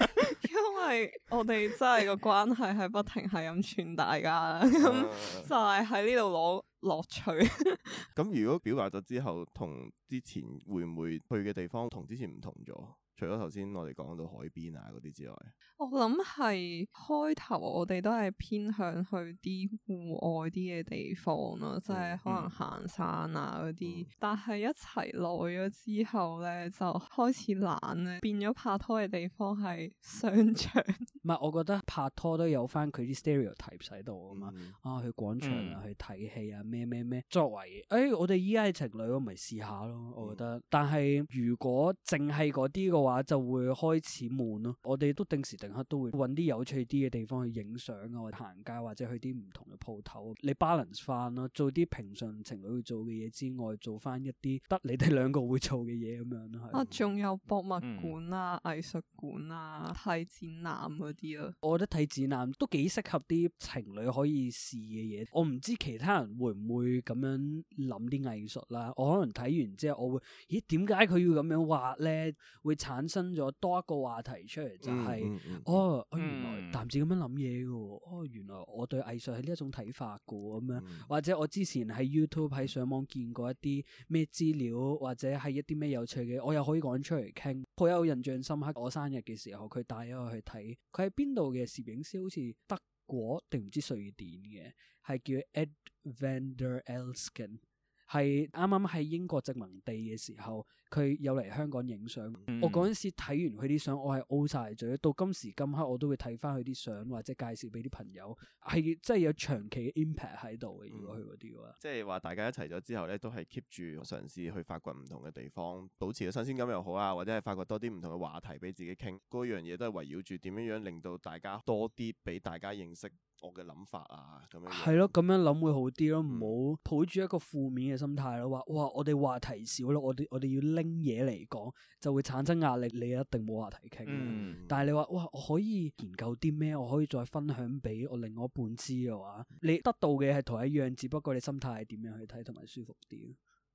因為我哋真係個關係係不停係咁串大家，咁就係喺呢度攞樂趣。咁 如果表白咗之後，同之前會唔會去嘅地方同之前唔同咗？除咗頭先我哋講到海邊啊嗰啲之外，我，我諗係開頭我哋都係偏向去啲戶外啲嘅地方咯，嗯、即係可能行山啊嗰啲。嗯、但係一齊耐咗之後咧，就開始懶咧，變咗拍拖嘅地方係商場、嗯。唔係，我覺得拍拖都有翻佢啲 stereotype 喺度啊嘛。嗯、啊，去廣場啊，嗯、去睇戲啊，咩咩咩。作為，誒、哎，我哋依家係情侶，我咪試下咯。我覺得，但係如果淨係嗰啲嘅。話就會開始悶咯，我哋都定時定刻都會揾啲有趣啲嘅地方去影相啊，行街或者去啲唔同嘅鋪頭，你 balance 翻咯，做啲平常情侶會做嘅嘢之外，做翻一啲得你哋兩個會做嘅嘢咁樣咯。係啊，仲有博物館啊、嗯、藝術館啊、睇展覽嗰啲啊，我覺得睇展覽都幾適合啲情侶可以試嘅嘢。我唔知其他人會唔會咁樣諗啲藝術啦、啊。我可能睇完之後，我會，咦，點解佢要咁樣畫呢？會產生咗多一個話題出嚟，就係、是嗯嗯、哦，嗯、原來男子咁樣諗嘢嘅喎，嗯、哦，原來我對藝術係呢一種睇法嘅咁樣，嗯、或者我之前喺 YouTube 喺上網見過一啲咩資料，或者係一啲咩有趣嘅，我又可以講出嚟傾。好有印象深刻，我生日嘅時候佢帶咗我去睇，佢喺邊度嘅攝影師，好似德國定唔知瑞典嘅，係叫 Ed van der Elsken，係啱啱喺英國殖民地嘅時候。佢有嚟香港影相，嗯，我嗰陣時睇完佢啲相，我係 all 曬咗。到今時今刻，我都會睇翻佢啲相，或者介紹俾啲朋友，係即係有長期嘅 impact 喺度嘅。嗯、如果佢嗰啲嘅話，即係話大家一齊咗之後咧，都係 keep 住嘗試去發掘唔同嘅地方，保持個新鮮感又好啊，或者係發掘多啲唔同嘅話題俾自己傾。嗰樣嘢都係圍繞住點樣樣令到大家多啲俾大家認識我嘅諗法啊，咁樣、啊、樣。係咯，咁樣諗會好啲咯，唔好、嗯、抱住一個負面嘅心態咯。話哇，我哋話題少咯，我哋我哋要。拎嘢嚟講就會產生壓力，你一定冇話題傾。嗯、但係你話哇，我可以研究啲咩，我可以再分享俾我另外一半知嘅話，你得到嘅係同一樣，只不過你心態係點樣去睇同埋舒服啲。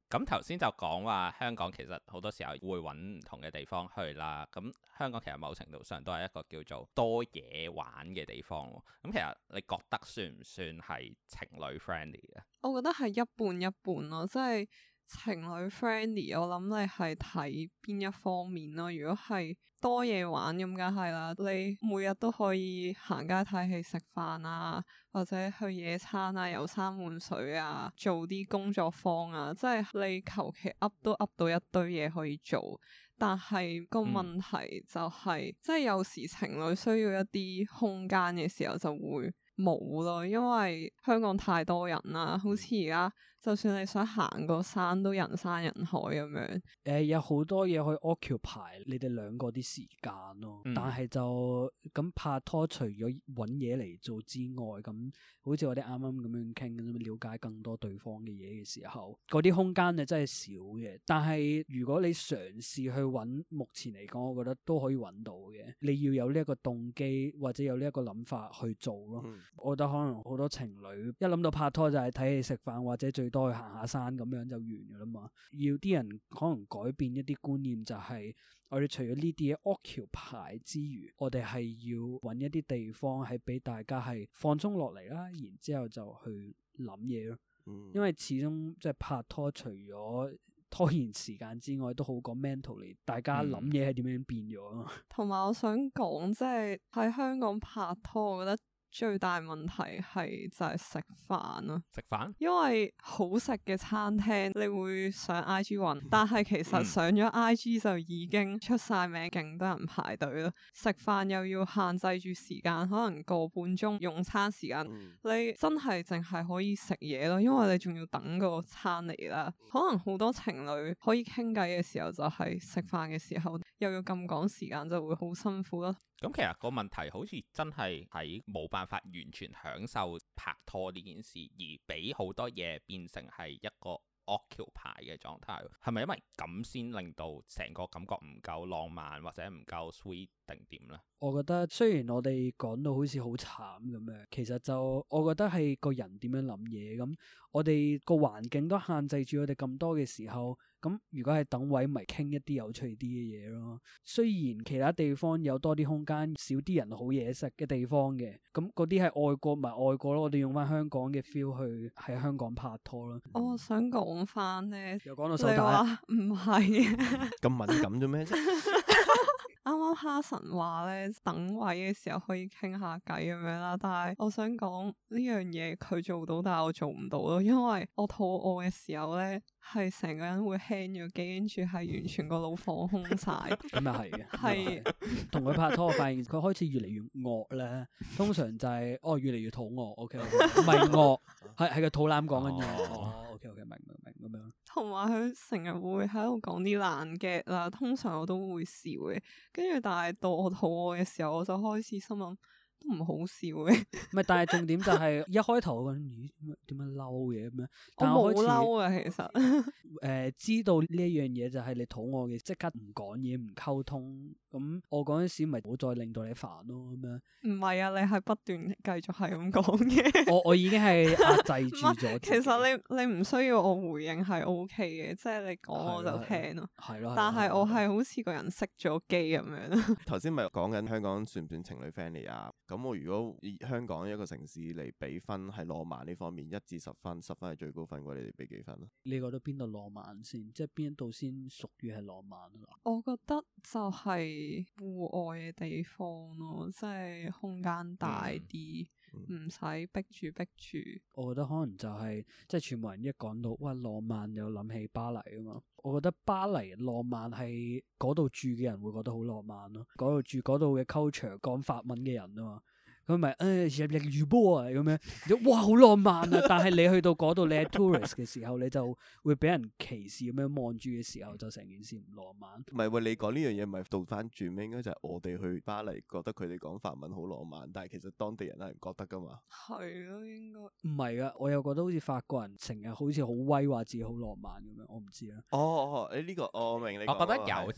咁頭先就講話香港其實好多時候會揾唔同嘅地方去啦。咁香港其實某程度上都係一個叫做多嘢玩嘅地方。咁其實你覺得算唔算係情侶 friendly 嘅？我覺得係一半一半咯，即係。情侶 friendly，我諗你係睇邊一方面咯。如果係多嘢玩咁，梗係啦。你每日都可以行街睇戲、食飯啊，或者去野餐啊、遊山玩水啊，做啲工作坊啊，即係你求其 up 都 up 到一堆嘢可以做。但係個問題就係、是，嗯，即係有時情侶需要一啲空間嘅時候，就會冇咯。因為香港太多人啦，好似而家。就算你想行個山都人山人海咁樣誒、呃、有好多嘢可以 occupy 你哋兩個啲時間咯。嗯、但係就咁拍拖，除咗揾嘢嚟做之外，咁好似我哋啱啱咁樣傾咁樣，瞭解更多對方嘅嘢嘅時候，嗰啲空間就真係少嘅。但係如果你嘗試去揾，目前嚟講，我覺得都可以揾到嘅。你要有呢一個動機或者有呢一個諗法去做咯。嗯、我覺得可能好多情侶一諗到拍拖就係睇戲食飯或者最多去行下山咁樣就完噶啦嘛！要啲人可能改變一啲觀念，就係、是、我哋除咗呢啲嘢握橋牌之餘，我哋係要搵一啲地方係俾大家係放鬆落嚟啦，然之後就去諗嘢咯。嗯、因為始終即係拍拖，除咗拖延時間之外，都好過 mentally 大家諗嘢係點樣變咗咯。同埋、嗯、 我想講，即係喺香港拍拖，我覺得。最大問題係就係食飯咯，食飯，因為好食嘅餐廳你會上 IG 揾， 但係其實上咗 IG 就已經出晒名，勁多人排隊啦。食飯又要限制住時間，可能個半鐘用餐時間， 你真係淨係可以食嘢咯，因為你仲要等個餐嚟啦。可能好多情侶可以傾偈嘅時候就係食飯嘅時候，又要咁趕時間，就會好辛苦咯。咁其實個問題好似真係喺冇辦法完全享受拍拖呢件事，而俾好多嘢變成係一個 occupied 嘅狀態。係咪因為咁先令到成個感覺唔夠浪漫或者唔夠 sweet 定點呢？我覺得雖然我哋講到好似好慘咁樣，其實就我覺得係個人點樣諗嘢，咁我哋個環境都限制住我哋咁多嘅時候。咁如果係等位，咪、就、傾、是、一啲有趣啲嘅嘢咯。雖然其他地方有多啲空間、少啲人、好嘢食嘅地方嘅，咁嗰啲係外國，咪外國咯。我哋用翻香港嘅 feel 去喺香港拍拖咯。我、哦、想講翻咧，又講到手啦，係話唔係咁敏感咗咩？ 啱啱哈神話咧，等位嘅時候可以傾下偈咁樣啦，但係我想講呢樣嘢佢做到，但係我做唔到咯，因為我肚餓嘅時候咧，係成個人會輕咗幾，跟住係完全個腦放空晒。咁又係嘅。係、嗯。同、嗯、佢、嗯、拍拖發現佢開始越嚟越惡咧，通常就係、是、哦越嚟越肚餓、哦、 ，OK OK，唔係惡，係係個肚腩講緊嘢。哦，OK OK，明唔明？同埋佢成日會喺度講啲爛嘅啦，通常我都會笑嘅，跟住但係到我肚餓嘅時候，我就開始心諗。都唔好笑。嘅，唔係，但係重點就係、是、 一開頭嗰陣時點樣嬲嘅咁樣。但我冇嬲啊，其實。誒、呃，知道呢一樣嘢就係你肚餓嘅，即刻唔講嘢唔溝通。咁、嗯、我嗰陣時咪唔好再令到你煩咯咁樣。唔、嗯、係啊，你係不斷繼續係咁講嘅。我我已經係壓制住咗。 其實你你唔需要我回應係 O K 嘅，即、就、係、是、你講我，我就聽咯。係咯。但係我係好似個人熄咗機咁樣。頭先咪講緊香港算唔算情侶 friendly 啊？咁我如果以香港一個城市嚟俾分，係浪漫呢方面一至十分，十分係最高分，嘅話你哋俾幾分咧？你覺得邊度浪漫先？即係邊一度先屬於係浪漫啊？我覺得就係戶外嘅地方咯，即係空間大啲。嗯唔使逼住逼住，我覺得可能就係、係、即係全部人一講到哇，浪漫，又諗起巴黎啊嘛。我覺得巴黎浪漫係嗰度住嘅人會覺得好浪漫咯、啊，嗰度住嗰度嘅 culture，講法文嘅人啊嘛。佢咪誒日日如波啊咁樣，哇好浪漫啊！但係你去到嗰度你係 tourist 嘅時候，你就會俾人歧視咁樣望住嘅時候，就成件事唔浪漫。唔係喂，你講呢樣嘢咪倒翻轉咩？應該就係我哋去巴黎覺得佢哋講法文好浪漫，但係其實當地人係唔覺得噶嘛？係啊，應該唔係噶，我又覺得好似法國人成日好似好威，話自己好浪漫咁樣，我唔知啊、哦。哦，你、哎、呢、這個、哦、我明，你我覺得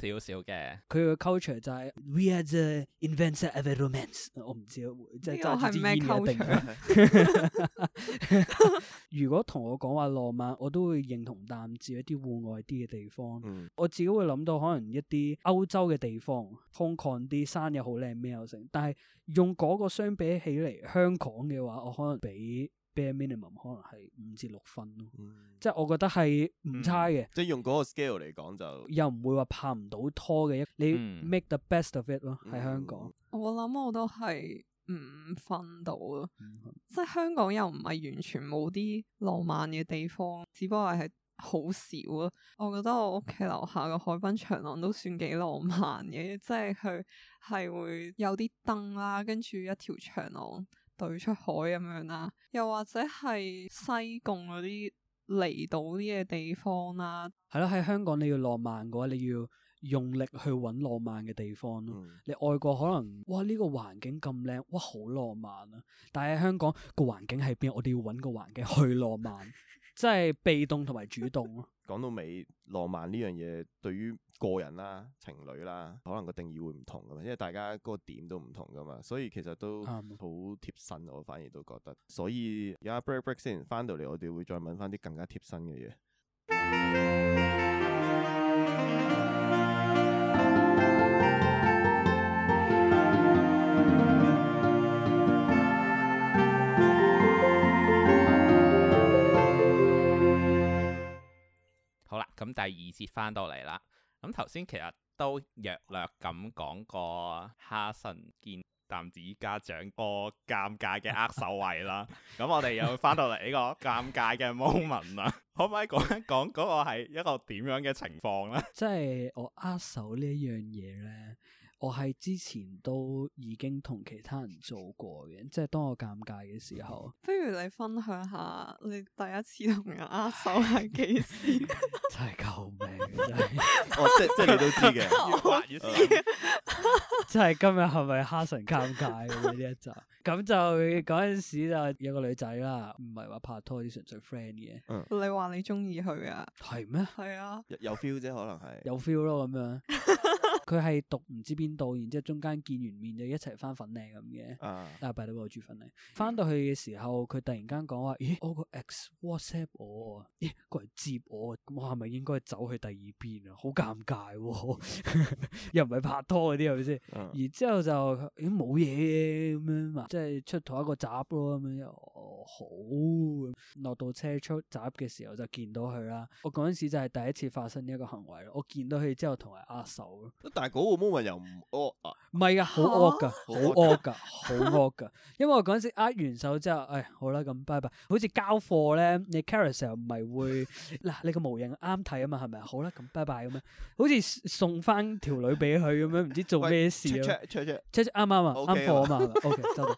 有少少嘅。佢個 culture 就係、是、We are the inventor of romance、嗯。嗯、我唔知。呢個係咩構造？如果同我講話浪漫，我都會認同淡至一啲戶外啲嘅地方。嗯、我自己會諗到可能一啲歐洲嘅地方，空曠啲，山又好靚咩，又成。但係用嗰個相比起嚟，香港嘅話，我可能畀 bare minimum 可能係五至六分咯。嗯、即係我覺得係唔差嘅。即係用嗰個 scale 嚟講就，就又唔會話拍唔到拖嘅一，你 make the best of it 咯、嗯。喺、啊、香港，我諗我都係。唔分到咯，嗯、即係香港又唔係完全冇啲浪漫嘅地方，只不過係好少咯。我覺得我屋企樓下個海濱長廊都算幾浪漫嘅，即係佢係會有啲燈啦，跟住一條長廊對出海咁樣啦，又或者係西貢嗰啲離島啲嘅地方啦。係咯、嗯，喺香港你要浪漫嘅話你要用力去揾浪漫嘅地方咯，嗯、你外國可能，哇呢、呢個環境咁靚，哇好浪漫啊！但係香港、個環境係邊？我哋要揾個環境去浪漫，即係 被動同埋主動咯。講 到尾，浪漫呢樣嘢對於個人啦、情侶啦，可能個定義會唔同噶嘛，因為大家嗰個點都唔同噶嘛，所以其實都好貼身，嗯、我反而都覺得。所以而家 break break 先，翻到嚟我哋會再問翻啲更加貼身嘅嘢。 好啦，咁第二節翻到嚟啦。咁頭先其實都約略咁講過哈神見淡子家長個尷尬嘅握手位啦。咁 我哋又翻到嚟呢個尷尬嘅 moment 啦， 可唔可以講一講嗰個係一個點樣嘅情況呢？即係我握手呢一樣嘢呢。我係之前都已經同其他人做過嘅，即係當我尷尬嘅時候。不如你分享下你第一次同人握手係幾時？真 係 救命！真 哦，即即係你都知嘅。越發越癲。 即係今日係咪哈神尷尬嘅呢一集？咁就嗰陣時就有個女仔啦，唔係話拍拖啲純粹 friend 嘅。嗯。你話你中意佢啊？係咩？係啊。有 feel 啫，可能係。有 feel 咯，咁樣。佢係讀唔知邊度，然之後中間見完面就一齊翻粉嶺咁嘅，啊，但係到我住粉嶺，翻到去嘅時候，佢突然間講話，咦，我、哦、個 ex WhatsApp 我，咦，過嚟接我，咁我係咪應該走去第二邊啊？好尷尬、哦， 又唔係拍拖嗰啲，係咪先？而之、嗯、後就咦冇嘢咁樣嘛，即係出同一個閘咯咁樣，又好落到車出閘嘅時候就見到佢啦。我嗰陣時就係第一次發生呢一個行為，我見到佢之後同埋握手。但係嗰個 moment 又唔惡啊！唔係 啊，好惡㗎，好惡㗎，好惡㗎！因為我嗰陣時握完手之後，誒好啦咁拜拜。好似交貨咧。你 Carissa 唔係會嗱你個模型啱睇啊嘛，係咪好啦咁拜拜。e 咁樣，好似送翻條女俾佢咁樣，唔知做咩事咯。check check check check，啱啱啊，啱貨啊，啊，啊，啊，啊 嘛係咪，OK 得。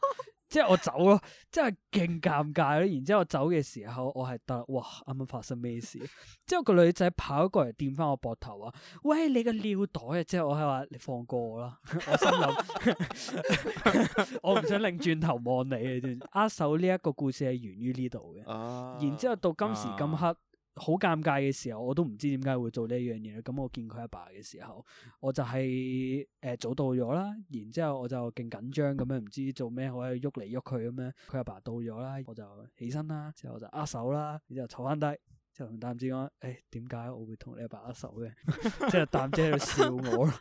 即係我走咯，即係勁尷尬咯。然之後我走嘅時候，我係得哇，啱啱發生咩事？之後個女仔跑過嚟掂翻我膊頭啊！喂，你個尿袋啊！之後我係話你放過我啦，我心諗 我唔想擰轉頭望你啊！握手呢一個故事係源於呢度嘅，然之後到今時今刻。好尷尬嘅時候，我都唔知點解會做呢樣嘢。咁我見佢阿爸嘅時候，我就係、是、誒、呃、早到咗啦。然之後我就勁緊張咁樣，唔知做咩，可以喐嚟喐去咁樣。佢阿爸，爸到咗啦，我就起身啦，之後我就握手啦，然之後坐翻低，之後同啖姐講，誒點解我會同你阿爸，爸握手嘅？之後啖姐喺度笑我啦。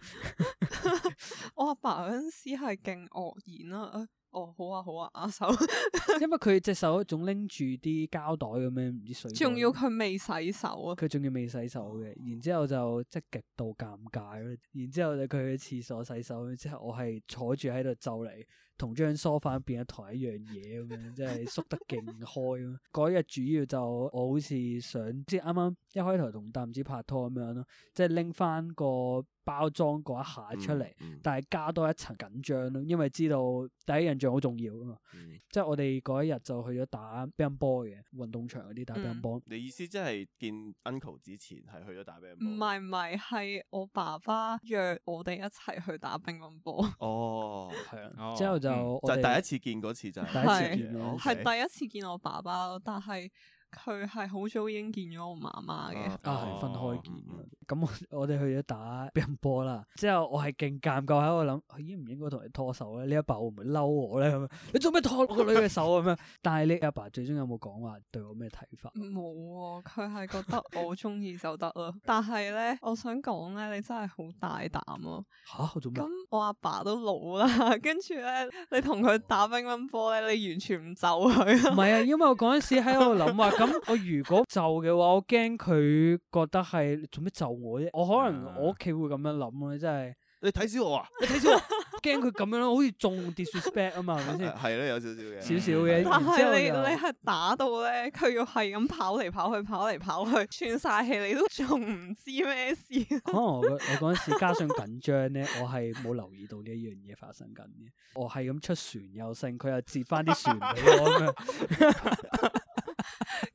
我阿爸嗰陣時係勁愕然啦。哦，好啊，好啊，握、啊、手， 因為佢隻手仲拎住啲膠袋咁樣，唔知水。仲要佢未洗手啊！佢仲要未洗手嘅，然之後就即係極度尷尬咯。然之後就佢去廁所洗手，之後我係坐住喺度就嚟，同張梳化變咗同一,一樣嘢咁樣，即係縮得勁開。嗰日主要就我好似想，即係啱啱一開頭同大子拍拖咁樣咯，即係拎翻個。包裝嗰一下出嚟，但係加多一層緊張咯，因為知道第一印象好重要㗎嘛。即係我哋嗰一日就去咗打乒乓波嘅運動場嗰啲打乒乓波。你意思即係見 uncle 之前係去咗打乒乓波？唔係唔係，係我爸爸約我哋一齊去打乒乓波。哦，係啊，之後就就第一次見嗰次就係係第一次見我爸爸咯，但係。佢係好早已經見咗我媽媽嘅，啊，分開見嘅。咁 我哋去咗打乒乓波啦，之後我係勁尷尬喺度諗，應唔應該同你拖手咧？你阿爸會唔會嬲我咧？咁樣你做咩拖我個女嘅手咁樣？ 但係你阿爸，爸最終有冇講話對我咩睇法？冇啊、哦，佢係覺得我中意就得啦。 但係咧，我想講咧，你真係好大膽啊、哦！吓，我做咩？咁我阿爸都老啦， 跟住咧，你同佢打乒乓波咧，你完全唔就佢。唔 係啊，因為我嗰陣時喺度諗啊。咁我如果就嘅話，我驚佢覺得係做咩就我啫？我可能我屋企會咁樣諗咯，真係你睇小我啊！你睇小我，驚佢咁樣好似中跌 respect 啊嘛，係咪先？係咧，有少少嘅，少少嘅。但係你你係打到咧，佢要係咁跑嚟跑去，跑嚟跑去，喘晒氣，你都仲唔知咩事？可能我我嗰陣時加上緊張咧， 我係冇留意到呢一樣嘢發生緊嘅。我係咁出船又剩，佢又接翻啲船嚟咯咁樣。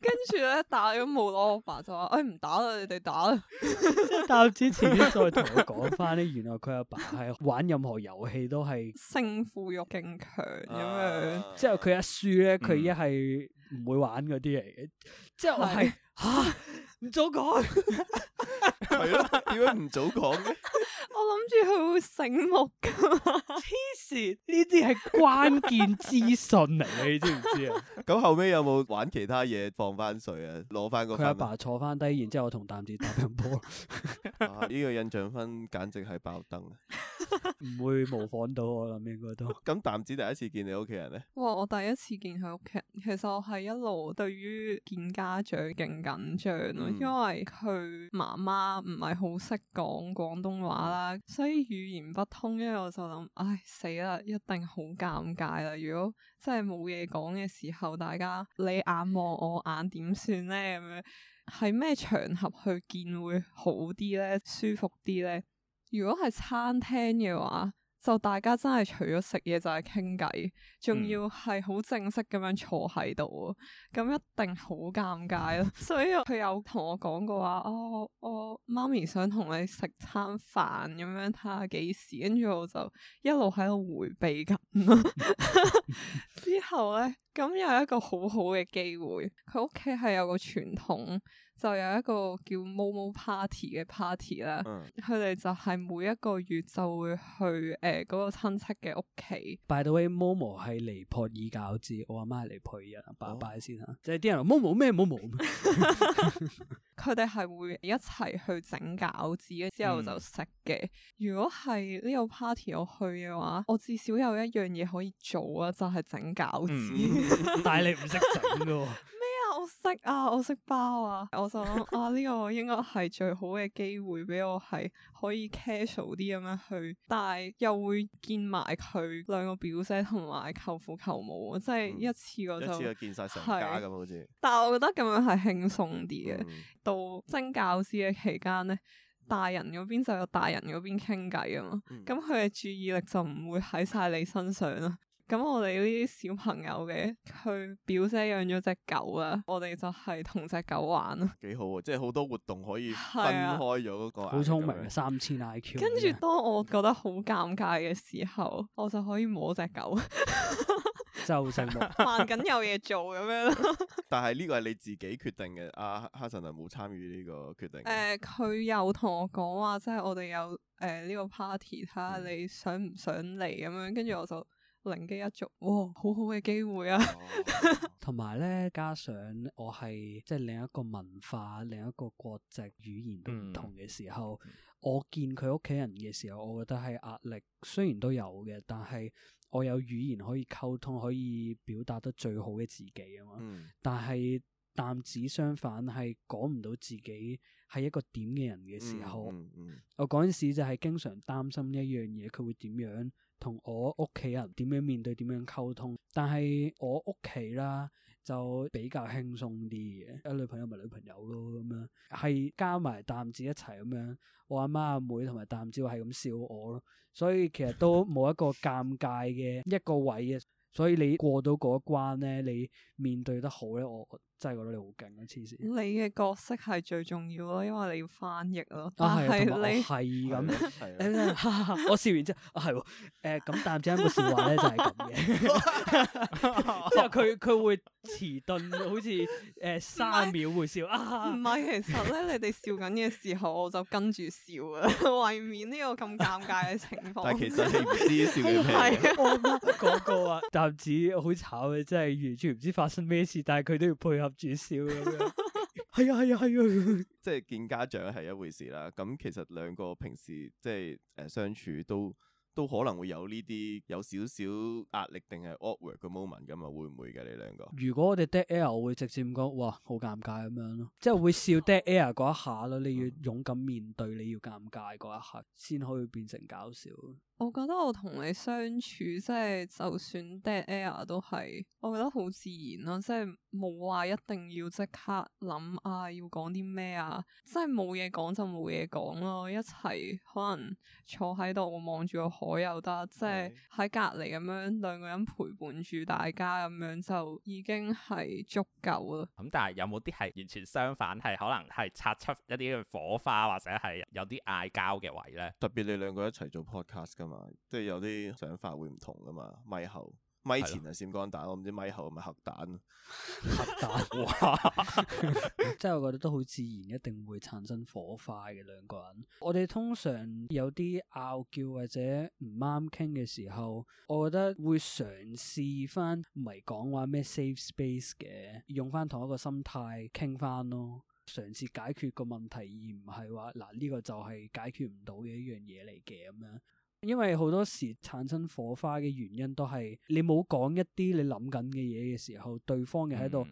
跟住咧打咁冇攞，我爸就話：，哎，唔打啦，你哋打啦。即係打之前，再同佢講翻咧，原來佢阿爸係玩任何遊戲都係勝負欲勁強咁樣。之後佢一輸咧，佢一係唔會玩嗰啲嚟嘅。之後我係， 啊！唔早講 ，係咯？點解唔早講嘅？我諗住佢會醒目噶，黐線！呢啲係關鍵資訊嚟，你知唔知啊？咁 後尾有冇玩其他嘢放翻水啊？攞翻個佢阿爸，爸坐翻低，然之後我同淡子打乒乓波。呢、 這個印象分簡直係爆燈，唔 會模仿到我諗應該都。咁 淡子第一次見你屋企人咧？哇！我第一次見佢屋企人，其實我係一路對於見家長勁緊張咯。因為佢媽媽唔係好識講廣東話啦，所以語言不通，因為我就諗，唉，死啦，一定好尷尬啦！如果真係冇嘢講嘅時候，大家你眼望我眼點算呢？咁樣係咩場合去見會好啲呢？舒服啲呢？如果係餐廳嘅話。就大家真係除咗食嘢就係傾偈，仲、嗯、要係好正式咁樣坐喺度啊，咁一定好尷尬咯。 所以佢有同我講過話，哦，我媽咪想同你食餐飯咁樣睇下幾時，跟住我就一路喺度回避緊。 之後咧，咁有一個好好嘅機會，佢屋企係有個傳統，就有一個叫毛毛 party 嘅 party 啦。嗯，佢哋就係每一個月就會去誒。誒嗰個親戚嘅屋企。By the way, Momo 係尼泊爾餃子，我阿媽係尼泊爾人。拜拜先嚇、oh。啊，就係、是、啲人話 Momo 咩 Momo，佢哋係會一齊去整餃子之後就食嘅。如果係呢個 party 我去嘅話，我至少有一樣嘢可以做啊，就係、是、整餃子。嗯、但係你唔識整嘅喎。 我識啊，我識包啊，我就諗啊呢、啊 啊，這個應該係最好嘅機會，俾我係可以 casual 啲咁樣去，但又會見埋佢兩個表姐同埋舅父舅母，即係一次過就、嗯、是一次過見晒成家咁好似。但係我覺得咁樣係輕鬆啲嘅，嗯、到升教師嘅期間咧，大人嗰邊就有大人嗰邊傾偈啊嘛，咁佢嘅注意力就唔會喺晒你身上啦。咁我哋呢啲小朋友嘅，佢表姐養咗隻狗啊，我哋就係同隻狗玩咯，幾好啊，即係好多活動可以分開咗嗰個，好聰、啊、明，三千 IQ。跟住當我覺得好尷尬嘅時候，我就可以摸隻狗，就醒目，扮緊有嘢做咁樣咯。 但係呢個係你自己決定嘅，阿哈神就冇參與呢個決定。誒，佢又同我講話，即係我哋有誒呢、呃這個 party，睇下你想唔想嚟咁樣，跟住我就。靈機一族，哇，好好嘅機會啊！同埋咧，加上我係即係另一個文化、另一個國籍、語言都唔同嘅時候，嗯、我見佢屋企人嘅時候，我覺得係壓力雖然都有嘅，但係我有語言可以溝通，可以表達得最好嘅自己啊嘛。嗯、但係但只相反係講唔到自己係一個點嘅人嘅時候，嗯嗯、我嗰陣時就係經常擔心一樣嘢，佢會點樣？同我屋企人點樣面對點樣溝通，但係我屋企啦就比較輕鬆啲嘅，啊女朋友咪女朋友咯咁樣，係加埋淡子一齊咁樣，我阿媽阿妹同埋淡子係咁笑我咯，所以其實都冇一個尷尬嘅一個位嘅，所以你過到嗰一關咧，你面對得好咧，我。真係覺得你好勁啊。黐線，你嘅角色係最重要咯，因為你要翻譯咯。啊、但係你係咁，我笑完之後，啊係喎，誒、啊、咁、啊，但係張笑話咧就係咁嘅， 即係佢佢會遲鈍，好似誒三秒會笑不啊！唔係，其實咧，你哋笑緊嘅時候，我就跟住笑啊，為、哎、免呢個咁尷尬嘅情況。 但係其實你唔知笑咩？係啊！嗰個啊，搭子好慘嘅，真係完全唔知發生咩事，但係佢都要配合。住笑咁樣，係啊係啊係啊！啊啊啊 即係見家長係一回事啦。咁其實兩個平時即係誒、呃、相處都都可能會有呢啲有少少壓力定係 awkward 嘅 moment 嘅嘛，會唔會嘅你兩個？如果我哋 dead air，我會直接咁講，哇，好尷尬咁樣咯。即係會笑 dead air 嗰一下啦。你要勇敢面對，你要尷尬嗰一下，先、嗯、可以變成搞笑。我覺得我同你相處，即係就算 dead air 都係，我覺得好自然咯，即係冇話一定要即刻諗啊，要講啲咩啊，即係冇嘢講就冇嘢講咯，一齊可能坐喺度，望住個海又得，即係喺隔離咁樣兩個人陪伴住大家咁樣就已經係足夠咯。咁但係有冇啲係完全相反，係可能係擦出一啲火花，或者係有啲嗌交嘅位咧？特別你兩個一齊做 podcast 咁。即係有啲想法會唔同噶嘛？咪後、咪前係閃光彈，是的 我唔知咪後係咪核，核彈？核彈 哇！即係我覺得都好自然，一定會產生火花嘅兩個人。我哋通常有啲拗撬或者唔啱傾嘅時候，我覺得會嘗試翻，唔係講話咩 safe space 嘅，用翻同一個心態傾翻咯，嘗試解決個問題而，而唔係話嗱呢個就係解決唔到嘅一樣嘢嚟嘅咁樣。因為好多時產生火花嘅原因都係你冇講一啲你諗緊嘅嘢嘅時候，對方又喺度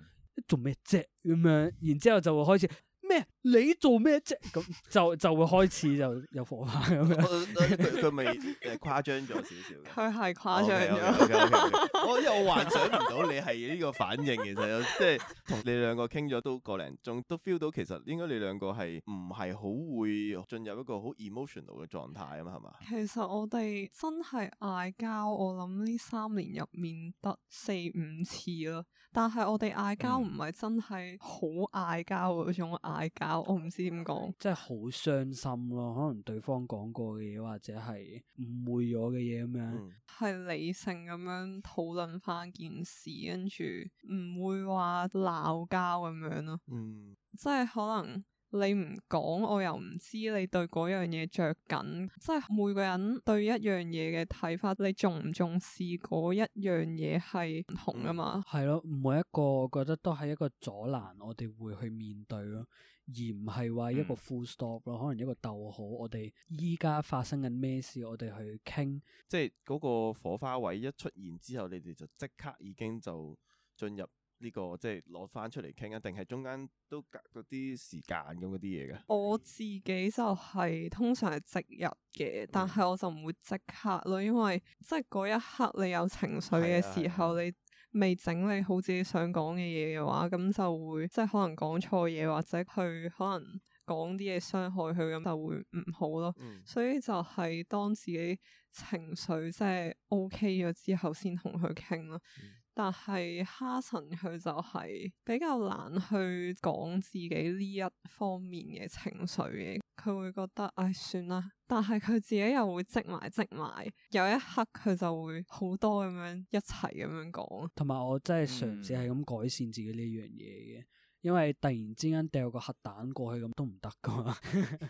做咩啫？咁、嗯、樣，然之後就會開始咩？什麼你做咩啫？咁就就會開始就 有火花咁樣。佢咪未誒誇張咗少少。佢係誇張咗。我因為我幻想唔到你係呢個反應，其實即係同你兩個傾咗都個零仲都 feel 到其實應該你兩個係唔係好會進入一個好 emotional 嘅狀態啊嘛？係嘛？其實我哋真係嗌交，我諗呢三年入面得四五次咯。但係我哋嗌交唔係真係好嗌交嗰種嗌交。我唔知點講，即係好傷心咯。可能對方講過嘅嘢，或者係誤會咗嘅嘢咁樣，係、嗯、理性咁樣討論翻件事，跟住唔會話鬧交咁樣咯。嗯、即係可能你唔講，我又唔知你對嗰樣嘢着緊。即係每個人對一樣嘢嘅睇法，你重唔重視嗰一樣嘢係唔同啊嘛？係、嗯、咯，每一個我覺得都係一個阻攔，我哋會去面對咯。而唔係話一個 full stop 咯，嗯、可能一個逗號。我哋依家發生緊咩事，我哋去傾。即係嗰個火花位一出現之後，你哋就即刻已經就進入呢個，即係攞翻出嚟傾啊？定係中間都隔咗啲時間咁嗰啲嘢嘅？我自己就係通常係即日嘅，但係我就唔會即刻咯，因為即係嗰一刻你有情緒嘅時候，你、啊。未整理好自己想講嘅嘢嘅話，咁就會即係可能講錯嘢，或者佢可能講啲嘢傷害佢，咁就會唔好咯。嗯、所以就係當自己情緒即係 OK 咗之後，先同佢傾咯。嗯但係哈神，佢就係比較難去講自己呢一方面嘅情緒嘅，佢會覺得唉，算啦，但係佢自己又會積埋積埋，有一刻佢就會好多咁樣一齊咁樣講。同埋我真係嘗試係咁改善自己呢樣嘢嘅。因為突然之間掉個核彈過去咁都唔得噶嘛，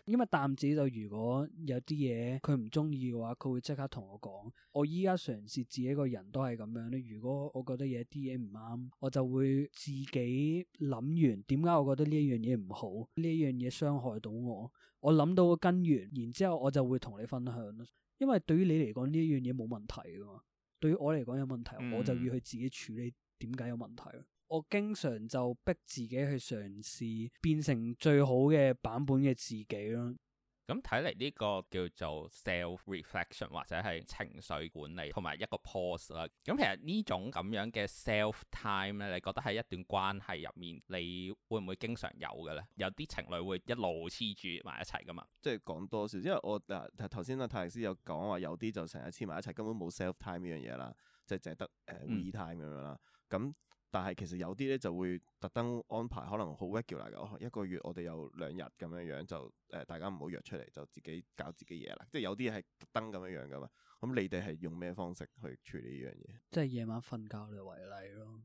因為淡子就如果有啲嘢佢唔中意嘅話，佢會即刻同我講。我依家嘗試自己個人都係咁樣咧。如果我覺得有啲嘢唔啱，我就會自己諗完點解我覺得呢一樣嘢唔好，呢一樣嘢傷害到我。我諗到個根源，然之後我就會同你分享咯。因為對於你嚟講呢一樣嘢冇問題噶嘛，對於我嚟講有問題我，我就要去自己處理點解有問題。嗯我經常就逼自己去嘗試變成最好嘅版本嘅自己咯。咁睇嚟呢個叫做 self reflection 或者係情緒管理同埋一個 pause 啦。咁其實呢種咁樣嘅 self time 咧，你覺得喺一段關係入面，你會唔會經常有嘅咧？有啲情侶會一路黐住埋一齊噶嘛？即係講多少？因為我嗱頭先阿泰師有講話，有啲就成日黐埋一齊，根本冇 self time 呢樣嘢啦，就淨係得誒 we time 咁樣啦。咁但係其實有啲咧就會特登安排，可能好 regular 嘅哦，一個月我哋有兩日咁樣樣就誒、呃、大家唔好約出嚟，就自己搞自己嘢啦，即係有啲嘢係特登咁樣樣噶嘛。咁你哋係用咩方式去處理呢樣嘢？即係夜晚瞓覺嚟為例咯。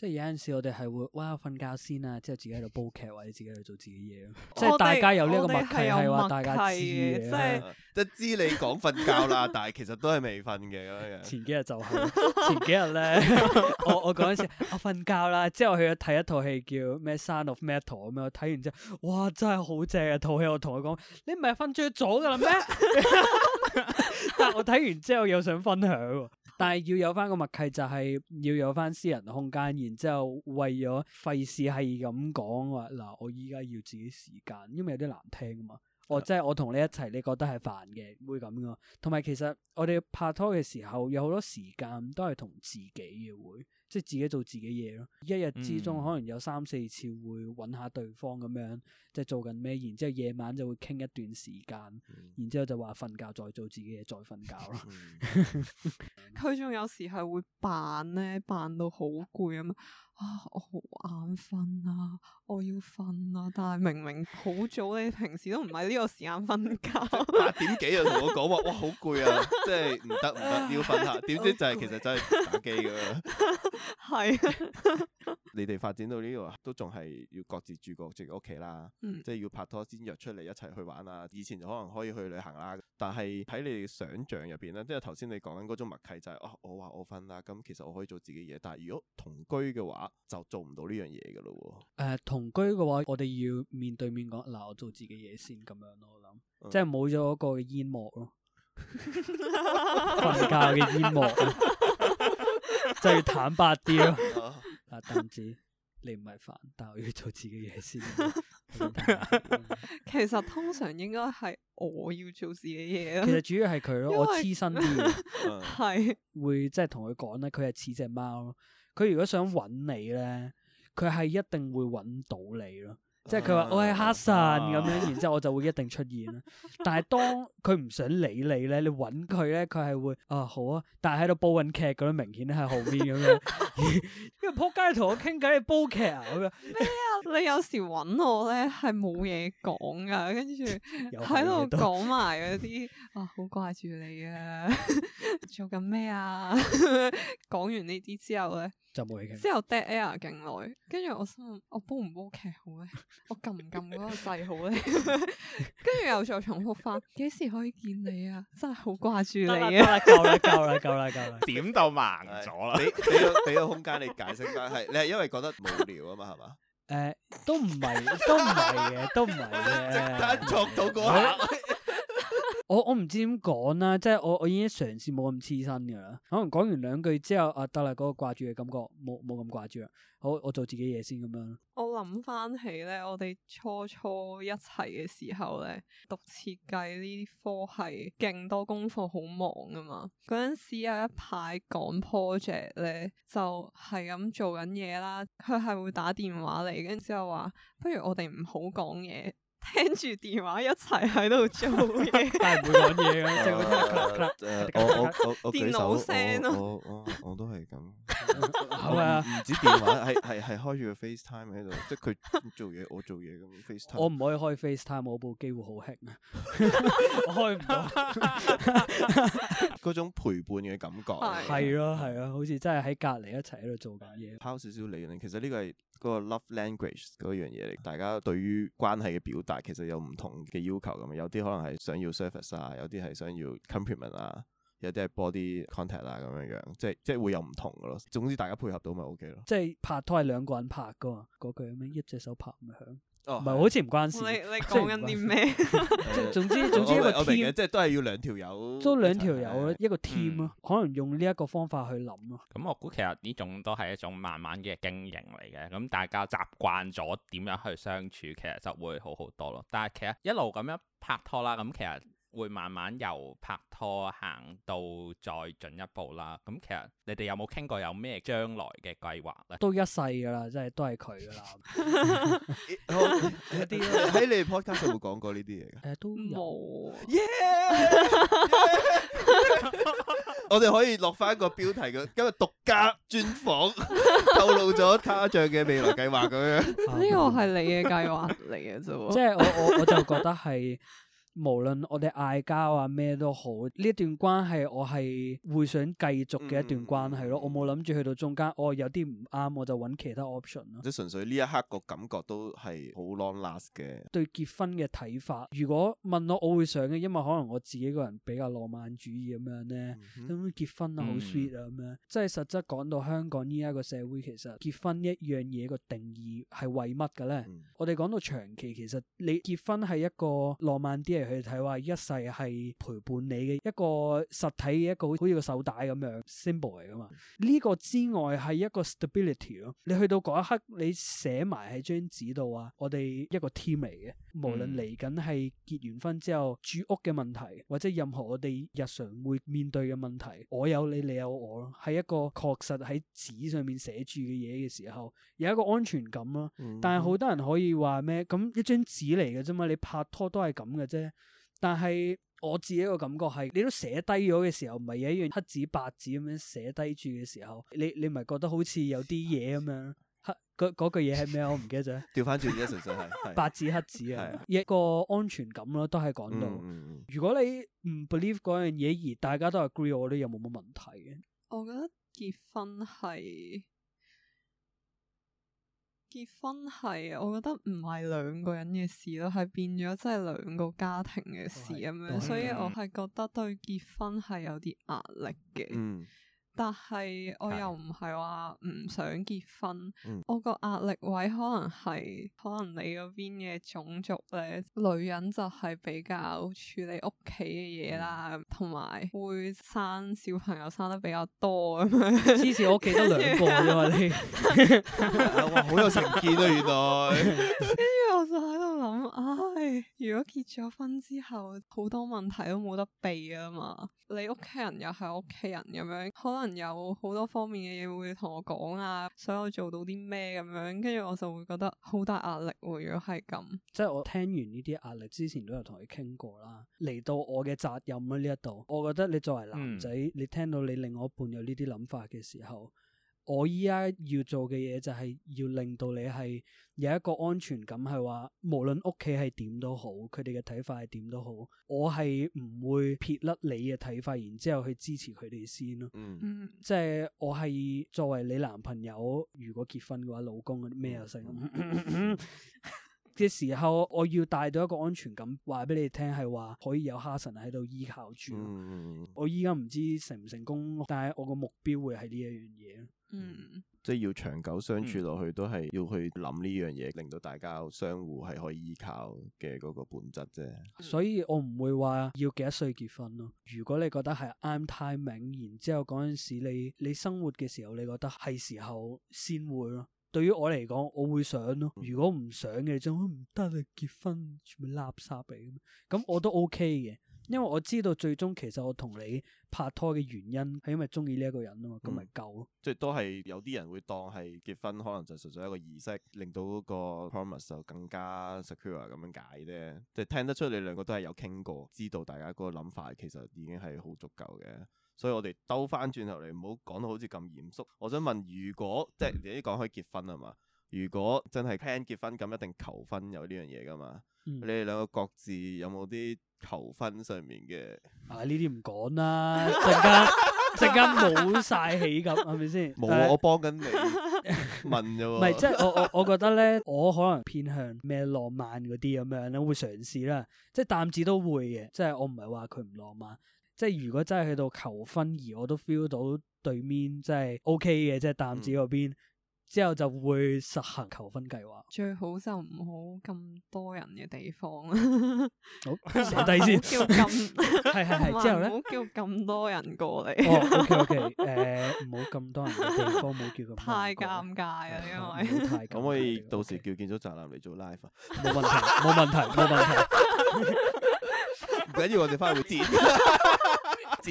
即係有陣時我哋係會，哇我瞓覺先啊！之後自己喺度煲劇或者自己去做自己嘢。們即係大家有呢個默契係話大家知、就是、即係是即知你講瞓覺啦， 但係其實都係未瞓嘅咁樣。前幾日就係 前幾日咧， 我我講一次，我瞓覺啦，之後去咗睇一套戲叫《咩 Sound of Metal》咁樣，我睇完之後，哇真係好正啊！套戲我同佢講，你唔係瞓著咗㗎啦咩？ 但係我睇完之後又想分享。但係要有翻個默契，就係要有翻私人空間，然之後為咗費事係咁講話，嗱我依家要自己時間，因為有啲難聽啊嘛。哦，是的 即係我同你一齊，你覺得係煩嘅，會咁啊。同埋其實我哋拍拖嘅時候，有好多時間都係同自己嘅會。即係自己做自己嘢咯，一日之中、嗯、可能有三四次會揾下對方咁樣，即係做緊咩，然之後夜晚就會傾一段時間，嗯、然之後就話瞓覺，再做自己嘢，再瞓覺啦。佢仲有時係會扮咧，扮到好攰啊嘛～啊！我好眼瞓啊，我要瞓啊，但係明明好早，你平時都唔係呢個時間瞓覺。八 點幾就同我講話，哇，好攰啊， 即係唔得唔得，要瞓下。點知就係其實真係打機咁樣。係。你哋發展到呢度都仲係要各自住各自己屋企啦，嗯、即係要拍拖先約出嚟一齊去玩啊。以前就可能可以去旅行啦，但係喺你哋想象入邊咧，即係頭先你講緊嗰種默契就係、是，啊、哦，我話我瞓啦，咁其實我可以做自己嘢。但係如果同居嘅話，就做唔到呢樣嘢㗎咯喎！Uh, 同居嘅話，我哋要面對面講。嗱，我做自己嘢先咁樣咯，我諗，嗯、即係冇咗嗰個煙幕咯，瞓覺嘅煙幕，即 係要坦白啲咯。阿鄧、啊啊、子，你唔係煩，但我要做自己嘢先。其實通常應該係我要做自己嘢。其實主要係佢咯，為我黐身啲，係、 嗯、會即係同佢講咧，佢係似隻貓。佢如果想揾你咧，佢係一定會揾到你咯。即係佢話我係黑神咁、啊、樣，然之後我就會一定出現。 但係當佢唔想理你咧，你搵佢咧，佢係會啊好啊，但係喺度煲緊劇咁樣，明顯喺後邊咁樣 后。因為撲街同我傾偈，你煲劇啊咁樣。咩啊？你有時搵我咧係冇嘢講噶，跟住喺度講埋嗰啲啊，好掛住你啊！ 做緊咩啊？講 完呢啲之後咧就冇嘢。之後 dead air 勁耐，跟住我心諗我煲唔煲劇好咩？」我撳唔撳嗰個掣好咧，跟 住又再重複翻，幾時可以見你啊？真係好掛住你啊！夠啦，夠啦，夠啦，夠啦，點到盲咗啦！俾個俾個空間你解釋翻，係你係因為覺得無聊啊嘛，係嘛？誒、呃，都唔係，都唔係嘅，都唔係嘅，單作 到嗰那 我我唔知點講啦，即係我我已經嘗試冇咁黐身㗎啦。可能講完兩句之後，阿，得啦，嗰個掛住嘅感覺冇冇咁掛住啦。好，我做自己嘢先咁樣。我諗翻起咧，我哋初初一齊嘅時候咧，讀設計呢啲科係勁多功課，好忙㗎嘛。嗰陣時有一排講 project 咧，就係咁做緊嘢啦。佢係會打電話嚟，跟之後話：不如我哋唔好講嘢。聽住電話一齊喺度做嘢，但係唔會搵嘢嘅。我我我我，電腦聲咯。我我我都係咁。唔止電話，係係係開住個 FaceTime 喺度，即係佢做嘢，我做嘢咁 FaceTime。我唔可以開 FaceTime，我部機好輕，我開唔到。嗰種陪伴嘅感覺係咯係啊，好似真係喺隔籬一齊喺度做緊嘢，拋少少利潤。其實呢個係。嗰個 love language 嗰樣嘢嚟，大家對於關係嘅表達其實有唔同嘅要求咁有啲可能係想要 service 啊，有啲係想要 compliment 啊，有啲係 body contact 啊咁樣樣，即係即係會有唔同嘅咯。總之大家配合到咪 OK 咯。即係拍拖係兩個人拍嘅喎，嗰句咩，一隻手拍唔響。唔係，好似唔關事。你你講緊啲咩？ 總之 總之， 總之我明嘅，即係都係要兩條友。都兩條友一個 team 咯，嗯、可能用呢一個方法去諗咯。咁、嗯、我估其實呢種都係一種慢慢嘅經營嚟嘅，咁大家習慣咗點樣去相處，其實就會好好多咯。但係其實一路咁樣拍拖啦，咁其實～會慢慢由拍拖行到再進一步啦。咁 會 treating Napoleon 其實你哋有冇傾過有咩將來嘅計劃咧？都一世噶啦，即係都係佢噶啦。好，呢啲喺你 podcast 有冇講過呢啲嘢？誒，都冇。我哋可以落翻一個標題嘅，今日獨家專訪，透露咗他她醬嘅未來計劃咁樣。呢個係你嘅計劃嚟嘅啫。即係我我我就覺得係。無論我哋嗌交啊咩都好，呢一段關係、嗯嗯、我係會想繼續嘅一段關係咯。我冇諗住去到中間，我、哦、有啲唔啱，我就揾其他 option 咯。即係純粹呢一刻個感覺都係好 long last 嘅。對結婚嘅睇法，如果問我，我會想嘅，因為可能我自己個人比較浪漫主義咁樣咧。咁、嗯嗯、結婚啊，好 sweet 啊咁樣。即係實質講到香港呢一個社會，其實結婚呢樣嘢個定義係為乜嘅咧？嗯、我哋講到長期，其實你結婚係一個浪漫啲你睇，話一世係陪伴你嘅一個實體嘅一個好似個手帶咁樣 symbol 嚟噶嘛，呢個之外係一個 stability 咯。你去到嗰一刻，你寫埋喺張紙度啊，我哋一個 team 嚟嘅。無論嚟緊係結完婚之後、嗯、住屋嘅問題，或者任何我哋日常會面對嘅問題，我有你，你有我咯，係一個確實喺紙上面寫住嘅嘢嘅時候，有一個安全感咯。但係好多人可以話咩？咁一張紙嚟嘅啫嘛，你拍拖都係咁嘅啫。但係我自己個感覺係，你都寫低咗嘅時候，唔係一樣黑紙白紙咁樣寫低住嘅時候，你你咪覺得好似有啲嘢咁樣。嗰句嘢係咩？我唔記得咗，調翻轉啫，純粹係 白紙黑紙啊， 一個安全感咯，都係講到。嗯嗯、如果你唔 believe 嗰樣嘢，而大家都 agree，我都有冇乜問題嘅？我覺得結婚係結婚係，我覺得唔係兩個人嘅事咯，係變咗真係兩個家庭嘅事咁樣，所以我係覺得對結婚係有啲壓力嘅。嗯但係我又唔係話唔想結婚，嗯、我個壓力位可能係可能你嗰邊嘅種族咧，女人就係比較處理屋企嘅嘢啦，同埋、嗯、會生小朋友生得比較多咁樣，之前 我屋企得兩個啫嘛，你，哇好有成見啊原來，跟住 我就喺度。咁唉，如果結咗婚之後，好多問題都冇得避啊嘛。你屋企人又係屋企人咁樣，可能有好多方面嘅嘢會同我講啊，想我做到啲咩咁樣，跟住我就會覺得好大壓力喎。如果係咁，即係我聽完呢啲壓力之前都有同佢傾過啦。嚟到我嘅責任呢一度，我覺得你作為男仔，嗯、你聽到你另外一半有呢啲諗法嘅時候。我依家要做嘅嘢就係要令到你係有一個安全感，係話無論屋企係點都好，佢哋嘅睇法係點都好，我係唔會撇甩你嘅睇法，然之後去支持佢哋先咯、啊。嗯、即係我係作為你男朋友，如果結婚嘅話，老公嗰啲咩啊，成 嘅時候，我要帶到一個安全感，話俾你聽係話可以有哈神喺度依靠住。嗯、我依家唔知成唔成功，但係我個目標會係呢一樣嘢。嗯，即係要長久相處落去，嗯、都係要去諗呢樣嘢，令到大家相互係可以依靠嘅嗰個本質啫。所以我唔會話要幾多歲結婚咯。如果你覺得係啱 timing，然之後嗰陣時你你生活嘅時候，你覺得係時候先會咯。對於我嚟講，我會想咯。如果唔想嘅，就唔得，你結婚全部垃圾嚟，咁我都 OK 嘅。 因為我知道最終其實我同你拍拖嘅原因係因為中意呢一個人啊嘛，咁咪夠咯。嗯、 即係都係有啲人會當係結婚，可能就純粹一個儀式，令到嗰個 promise 就更加 secure 咁樣解啫。即、就、係、是、聽得出你兩個都係有傾過，知道大家嗰個諗法其實已經係好足夠嘅，所以我哋兜翻轉頭嚟，唔好講到好似咁嚴肅。我想問，如果、嗯、即係你一講可以結婚啊嘛？如果真係 plan 結婚咁，一定求婚有呢樣嘢㗎嘛？嗯、你哋兩個各自有冇啲求婚上面嘅？啊呢啲唔講啦，陣間陣間冇晒氣咁係咪先？冇我幫緊你問啫。唔係 即係我我我覺得咧，我可能偏向咩浪漫嗰啲咁樣咧，我會嘗試啦。即係淡子都會嘅，即係我唔係話佢唔浪漫。即係如果真係去到求婚而我都 feel 到對面即係 OK 嘅，即係淡子嗰邊。嗯之後就會實行求婚計劃。最好就唔好咁多人嘅地方啦。好，坐低先。 叫咁，係係係。之後咧，唔好叫咁多人過嚟。 哦，OK OK，誒、呃，唔好咁多人嘅地方，唔好叫咁。太尷尬啊，因為。唔好、哦、太尷尬。咁可以到時叫建築宅男嚟做 live？冇、啊、 問題，冇問題，冇問題。唔緊要，我哋翻去會剪，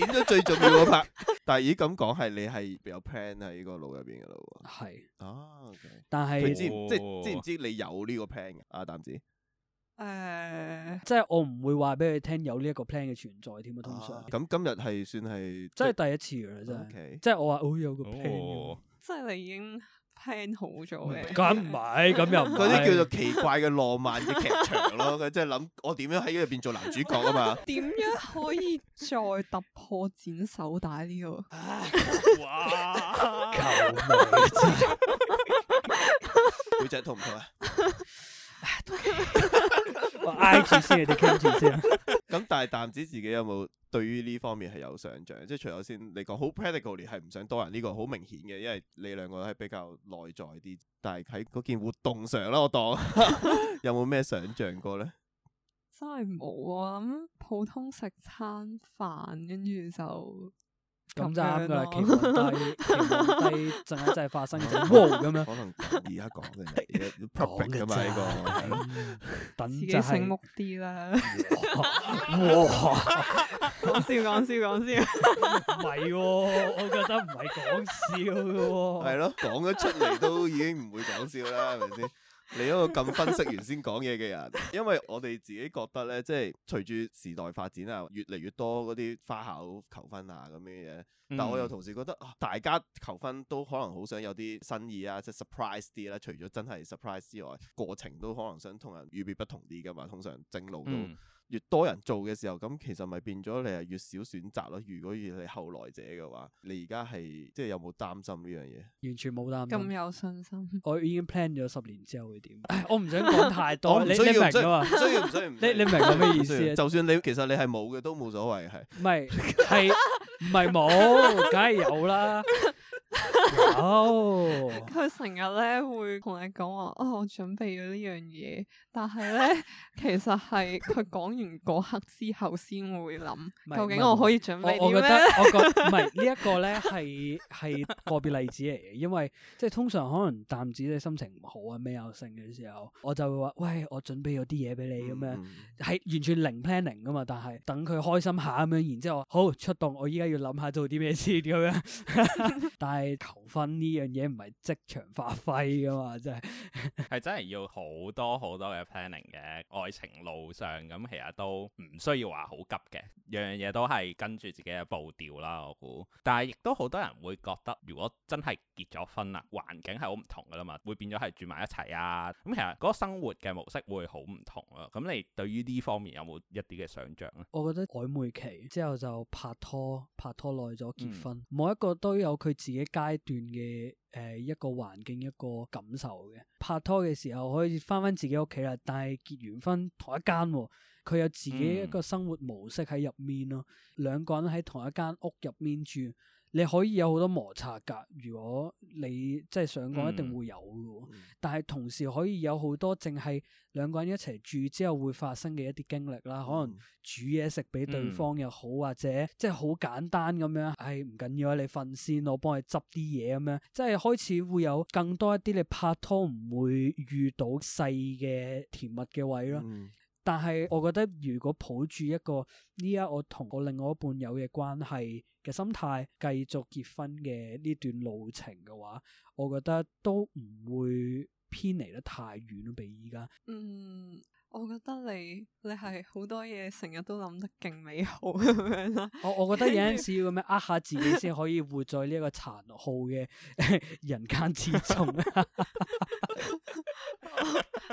剪咗最重要嗰拍。但係咦咁講係你係有 plan 喺呢個腦入邊㗎咯喎？係是啊，okay、但係是你知唔、哦、即係知唔知你有呢個 plan 嘅？阿、啊、淡子，誒、呃，即係我唔會話俾佢聽有呢一個 plan 嘅存在添啊，通常、啊。咁今日係算係即係第一次㗎啦，真係。即係我話我有個 plan 嘅，即係你已經。聽好咗嘅，咁唔係，咁又嗰啲叫做奇怪嘅浪漫嘅劇場咯。佢即係諗我點樣喺呢入邊做男主角啊嘛？點樣 可以再突破剪手帶呢、呢個、啊？哇！求女美仔，背脊痛唔痛啊？ 我挨住先，你傾住先。咁大膽子，自己有冇？對於呢方面係有想象，即係除咗先你講好 practical 係唔想多人呢個好明顯嘅，因為你兩個係比較內在啲，但係喺嗰件活動上啦，我當 有冇咩想象過呢？真係冇啊！咁普通食餐飯，跟住就～咁就啱噶啦，啊、期望低，期望低，陣間真係發生咗。種 wow 咁樣。可能而家講嘅，講嘅啫。等就係、自己、醒目啲啦。哇！講笑講笑講笑，唔係、 哦，我覺得唔係講笑喎、哦。係咯，講咗出嚟都已經唔會講笑啦，係咪先？你一個咁分析完先講嘢嘅人， 因為我哋自己覺得呢，即係隨住時代發展啊，越嚟越多嗰啲花巧求婚啊咁嘅嘢。嗯、但我又同時覺得大家求婚都可能好想有啲新意啊，即係 surprise 啲啦。除咗真係 surprise 之外，過程都可能想同人與別不同啲㗎嘛。通常正路都。嗯越多人做嘅時候，咁其實咪變咗你係越少選擇咯。如果要係後來者嘅話，你而家係即係有冇擔心呢樣嘢？完全冇擔心，咁有信心，我已經 plan 咗十年之後會點。我唔想講太多，你你明㗎嘛？需要唔需要？你你明我咩 意思？就算你其實你係冇嘅，都冇所謂係。唔係係唔係冇，梗係不 有啦。哦，佢成日咧會同你講話，哦，我準備咗呢樣嘢，但係咧其實係佢講完嗰刻之後先會諗，究竟我可以準備點咧？我覺唔係、 這個、呢一個咧係係個別例子嚟嘅，因為即係通常可能單止你心情唔好啊咩有咩嘅時候，我就會話喂，我準備咗啲嘢俾你咁樣，係、嗯、完全零 planning 噶嘛，但係等佢開心下咁樣，然之後好出動，我依家要諗下做啲咩事咁樣， 但係。係求婚呢樣嘢唔係即場發揮噶嘛， 真係係真係要好多好多嘅 planning 嘅。愛情路上，咁其實都唔需要話好急嘅，樣樣嘢都係跟住自己嘅步調啦。我估，但係亦都好多人會覺得，如果真係結咗婚啦，環境係好唔同噶啦嘛，會變咗係住埋一齊啊，咁其實嗰個生活嘅模式會好唔同啊。咁你對於呢方面有冇一啲嘅想象？咧我覺得曖昧期之後就拍拖，拍拖耐咗結婚，每、嗯、一個都有佢自己。階段嘅誒、呃、一個環境，一個感受嘅，拍拖嘅時候可以返返自己屋企啦，但係結完婚同一間、哦，佢有自己一個生活模式喺入面咯，嗯、兩個人喺同一間屋入面住。你可以有好多摩擦㗎，如果你即係想講一定會有㗎、嗯嗯、但係同時可以有好多，淨係兩個人一齊住之後會發生嘅一啲經歷啦。可能煮嘢食俾對方又好，嗯、或者即係好簡單咁樣，係、哎、唔緊要啊，你瞓先，我幫你執啲嘢咁樣。即係開始會有更多一啲你拍拖唔會遇到細嘅甜蜜嘅位咯。嗯。但係，我覺得如果抱住一個呢家我同我另外一半有嘅關係嘅心態，繼續結婚嘅呢段路程嘅話，我覺得都唔會偏離得太遠咯。比依家，嗯。我覺得你你係好多嘢成日都諗得勁美好咁樣啦。我我覺得有陣時要咁樣呃下自己先可以活在呢一個殘酷嘅人間之中。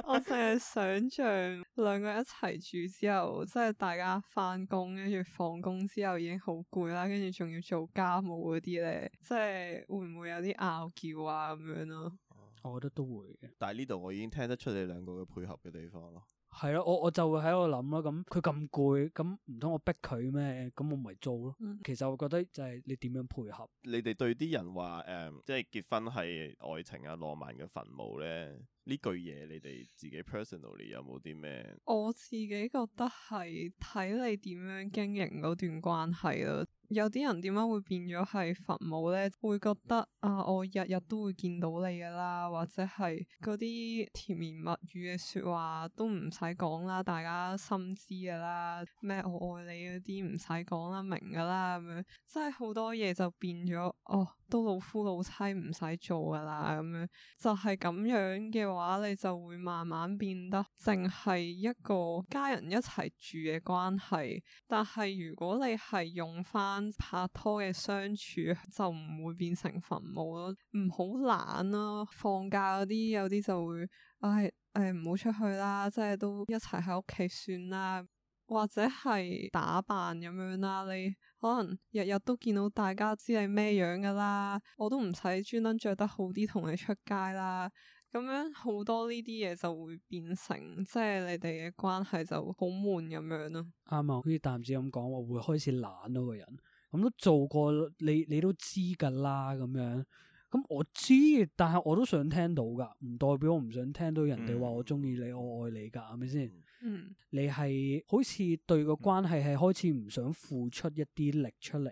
我淨係想象兩個人一齊住之後，即係大家翻工，跟住放工之後已經好攰啦，跟住仲要做家務嗰啲咧，即係會唔會有啲拗撬啊，咁樣咯。嗯，我覺得都會嘅。但係呢度我已經聽得出你兩個嘅配合嘅地方咯。係咯，我我就會喺度諗咯，咁佢咁攰，咁唔通我逼佢咩？咁我咪做咯。其實我覺得就係你點樣配合。你哋對啲人話，誒、嗯，即係結婚係愛情啊浪漫嘅墳墓咧，呢句嘢，你哋自己 personally 有冇啲咩？我自己覺得係睇你點樣經營嗰段關係咯。有啲人點解會變咗係佛母咧？會覺得啊，我日日都會見到你噶啦，或者係嗰啲甜言蜜語嘅説話都唔使講啦，大家心知噶啦，咩我愛你嗰啲唔使講啦，明噶啦咁樣，真係好多嘢就變咗哦。都老夫老妻唔使做㗎啦，咁樣就係、是、咁樣嘅話，你就會慢慢變得淨係一個家人一齊住嘅關係。但係如果你係用返拍拖嘅相處，就唔會變成墳墓咯。唔好懶啦，放假嗰啲有啲就會，唉唉唔好出去啦，即係都一齊喺屋企算啦。或者係打扮咁樣啦，你可能日日都見到大家知係咩樣噶啦，我都唔使專登着得好啲同你出街啦。咁樣好多呢啲嘢就會變成，即係你哋嘅關係就好悶咁樣咯。啱、嗯、啊，好似淡子咁講，我會開始懶咯，個人咁都做過，你你都知噶啦，咁樣。咁我知，但係我都想聽到噶，唔代表我唔想聽到人哋話我中意你，我愛你噶，係咪先？嗯嗯嗯嗯。嗯，你係好似對個關係係開始唔想付出一啲力出嚟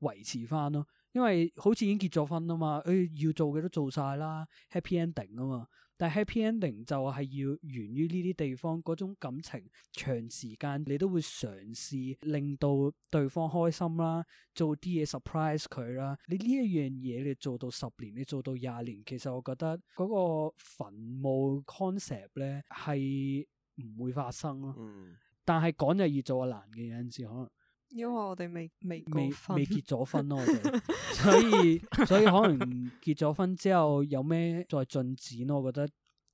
維持翻咯，因為好似已經結咗婚啊嘛、哎，誒要做嘅都做晒啦 ，happy ending 啊嘛，但係 happy ending 就係要源於呢啲地方嗰種感情，長時間你都會嘗試令到對方開心啦，做啲嘢 surprise 佢啦，你呢一樣嘢你做到十年，你做到廿年，其實我覺得嗰個墳墓 concept 咧係。唔會發生咯，嗯、但係講就易做又難嘅，有陣時可能，因為我哋未未未過未結咗婚咯，我哋，所以所以可能結咗婚之後有咩再進展咯，我覺得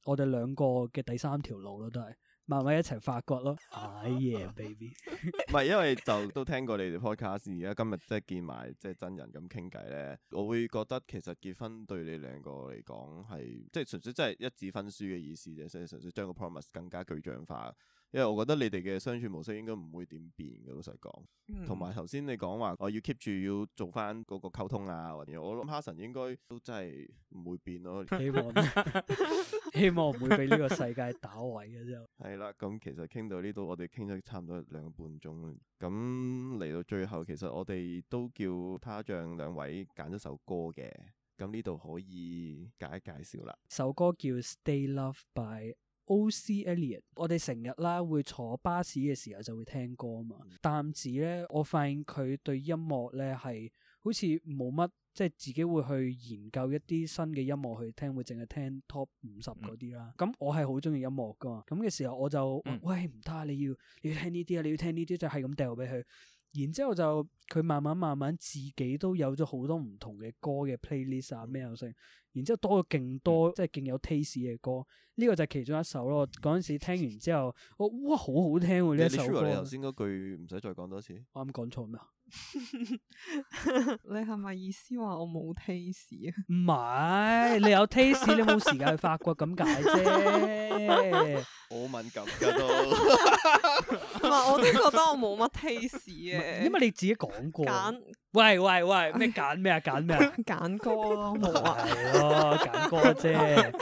我哋兩個嘅第三條路咯，都係。慢慢一齊發覺咯，哎呀，baby！唔係因為就都聽過你哋 podcast，而家今日即係見埋即係真人咁傾偈咧，我會覺得其實結婚對你兩個嚟講係即係純粹真係一紙婚書嘅意思啫，所以純粹將個 promise 更加具象化。因為我覺得你哋嘅相處模式應該唔會點變嘅，老實講，同埋頭先你講話我要 keep 住要做翻嗰個溝通啊，或者我諗哈神應該都真係唔會變咯， 希望希望唔會俾呢個世界打毀嘅就係啦。咁 其實傾到呢度，我哋傾咗差唔多兩個半鐘，咁嚟到最後，其實我哋都叫他她醬兩位揀咗首歌嘅，咁呢度可以介紹一介紹啦。首歌叫《Stay Love By》。Ocie Elliott，我哋成日啦會坐巴士嘅時候就會聽歌嘛。但係子咧，我發現佢對音樂咧係好似冇乜即係自己會去研究一啲新嘅音樂去聽，會淨係聽 Top 五十嗰啲啦。咁、嗯、我係好中意音樂噶，咁嘅時候我就、嗯、喂唔得，你要你要聽呢啲啊，你要聽呢啲就係咁掉俾佢。然之後就佢慢慢慢慢自己都有咗好多唔同嘅歌嘅 playlist，啊咩又剩，嗯、然之後多咗勁多即係勁有 taste 嘅歌，呢、呢個就係其中一首咯。嗰陣、嗯、時聽完之後，我哇好好聽喎、啊、呢、嗯、首歌。你頭先嗰句唔使再講多次，我啱講錯咩？ 你係咪意思話我冇 taste 啊？唔 係，你有 taste，你冇時間去發掘咁解啫。好敏感噶都，唔係我都覺得我冇乜 taste 嘅。因為你自己講過揀選，喂喂喂，咩揀咩啊？揀咩啊？揀 歌冇，係咯、 哦，揀 歌啫。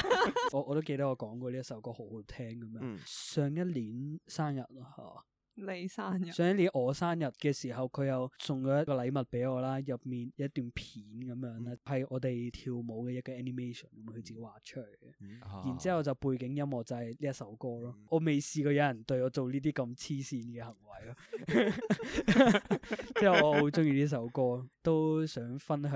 我我都記得我講過呢一首歌好好聽咁樣。嗯、上一年生日咯，你生日上一年我生日嘅時候，佢又送咗一個禮物俾我啦，入面一段片咁樣咧，係我哋跳舞嘅一個 animation，佢自己畫出嚟嘅。嗯啊、然之後就背景音樂就係呢一首歌咯。我未試過有人對我做呢啲咁黐線嘅行為咯，即係、嗯、 我好中意呢首歌，都想分享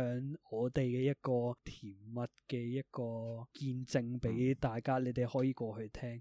我哋嘅一個甜蜜嘅一個見證俾大家，你哋可以過去聽。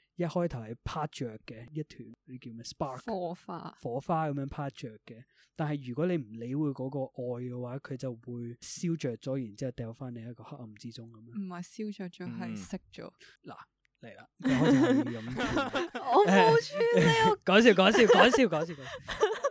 一開頭係拍着嘅一團，你叫咩？Spark，火花，火花咁樣拍着嘅，但係如果你唔理會嗰個愛嘅話，佢就會燒着咗，然之後掉翻你一個黑暗之中咁樣。唔係燒着咗，係熄咗。嗱、嗯。嚟啦，開始係咁。我冇穿咧，我講笑、講笑、講笑、講笑。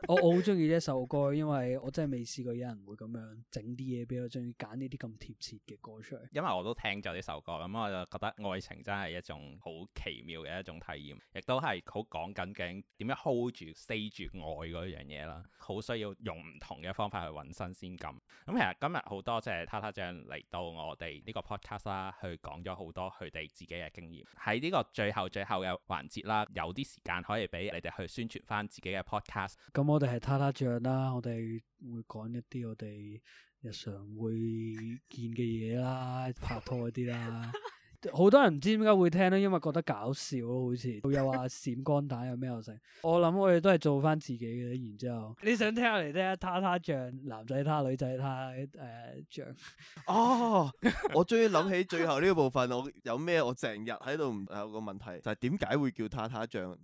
我好中意呢一首歌，因為我真係未試過有人會咁樣整啲嘢，畀我中意揀呢啲咁貼切嘅歌出嚟。因為我都聽咗呢首歌，咁、嗯、我就覺得愛情真係一種好奇妙嘅一種體驗，亦都係好講緊究竟點樣 hold 住、stay 住愛嗰樣嘢啦。好需要用唔同嘅方法去搵新鮮感。咁、嗯、其實今日好多謝他她醬嚟到我哋呢個 podcast 啦，去講咗好多佢哋自己嘅經驗。喺呢個最後最後嘅環節啦，有啲時間可以俾你哋去宣傳返自己嘅 podcast。咁我哋係他她醬啦，我哋會講一啲我哋日常會見嘅嘢啦，拍拖嗰啲啦。 好多人唔知點解會聽咧，因為覺得搞笑咯，好似又話閃光彈有咩又剩。 我諗我哋都係做翻自己嘅，然之後 你想聽下嚟聽下，他她醬男仔他，女仔她，誒醬。哦， 我終於諗起最後呢個部分，我有咩我成日喺度有個問題，就係點解會叫他她醬？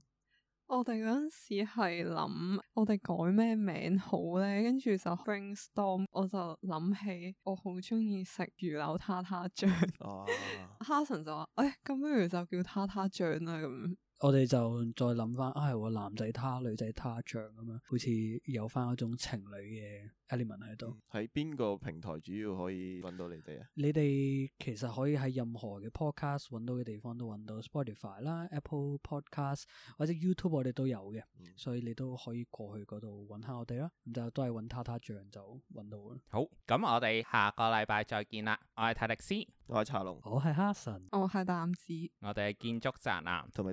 我哋嗰陣時係諗我哋改咩名好咧，跟住就 brainstorm，我就諗起我好鍾意食魚柳塔塔醬。啊、 哈神就話：哎，咁不如就叫他她醬啦咁我哋就再諗翻，啊、哎、係男仔他女仔她醬咁樣，好似有翻嗰種情侶嘅 element 喺度。喺邊、嗯、個平台主要可以揾到你哋啊？你哋其實可以喺任何嘅 podcast 揾到嘅地方都揾到，Spotify 啦、Apple Podcasts, 或者 YouTube 我哋都有嘅，嗯、所以你都可以過去嗰度揾下我哋啦。咁就都係揾他她醬就揾到啦。好，咁我哋下個禮拜再見啦。我係泰迪斯，我係茶龍，我係哈神，我係男子，我哋係建築宅男同埋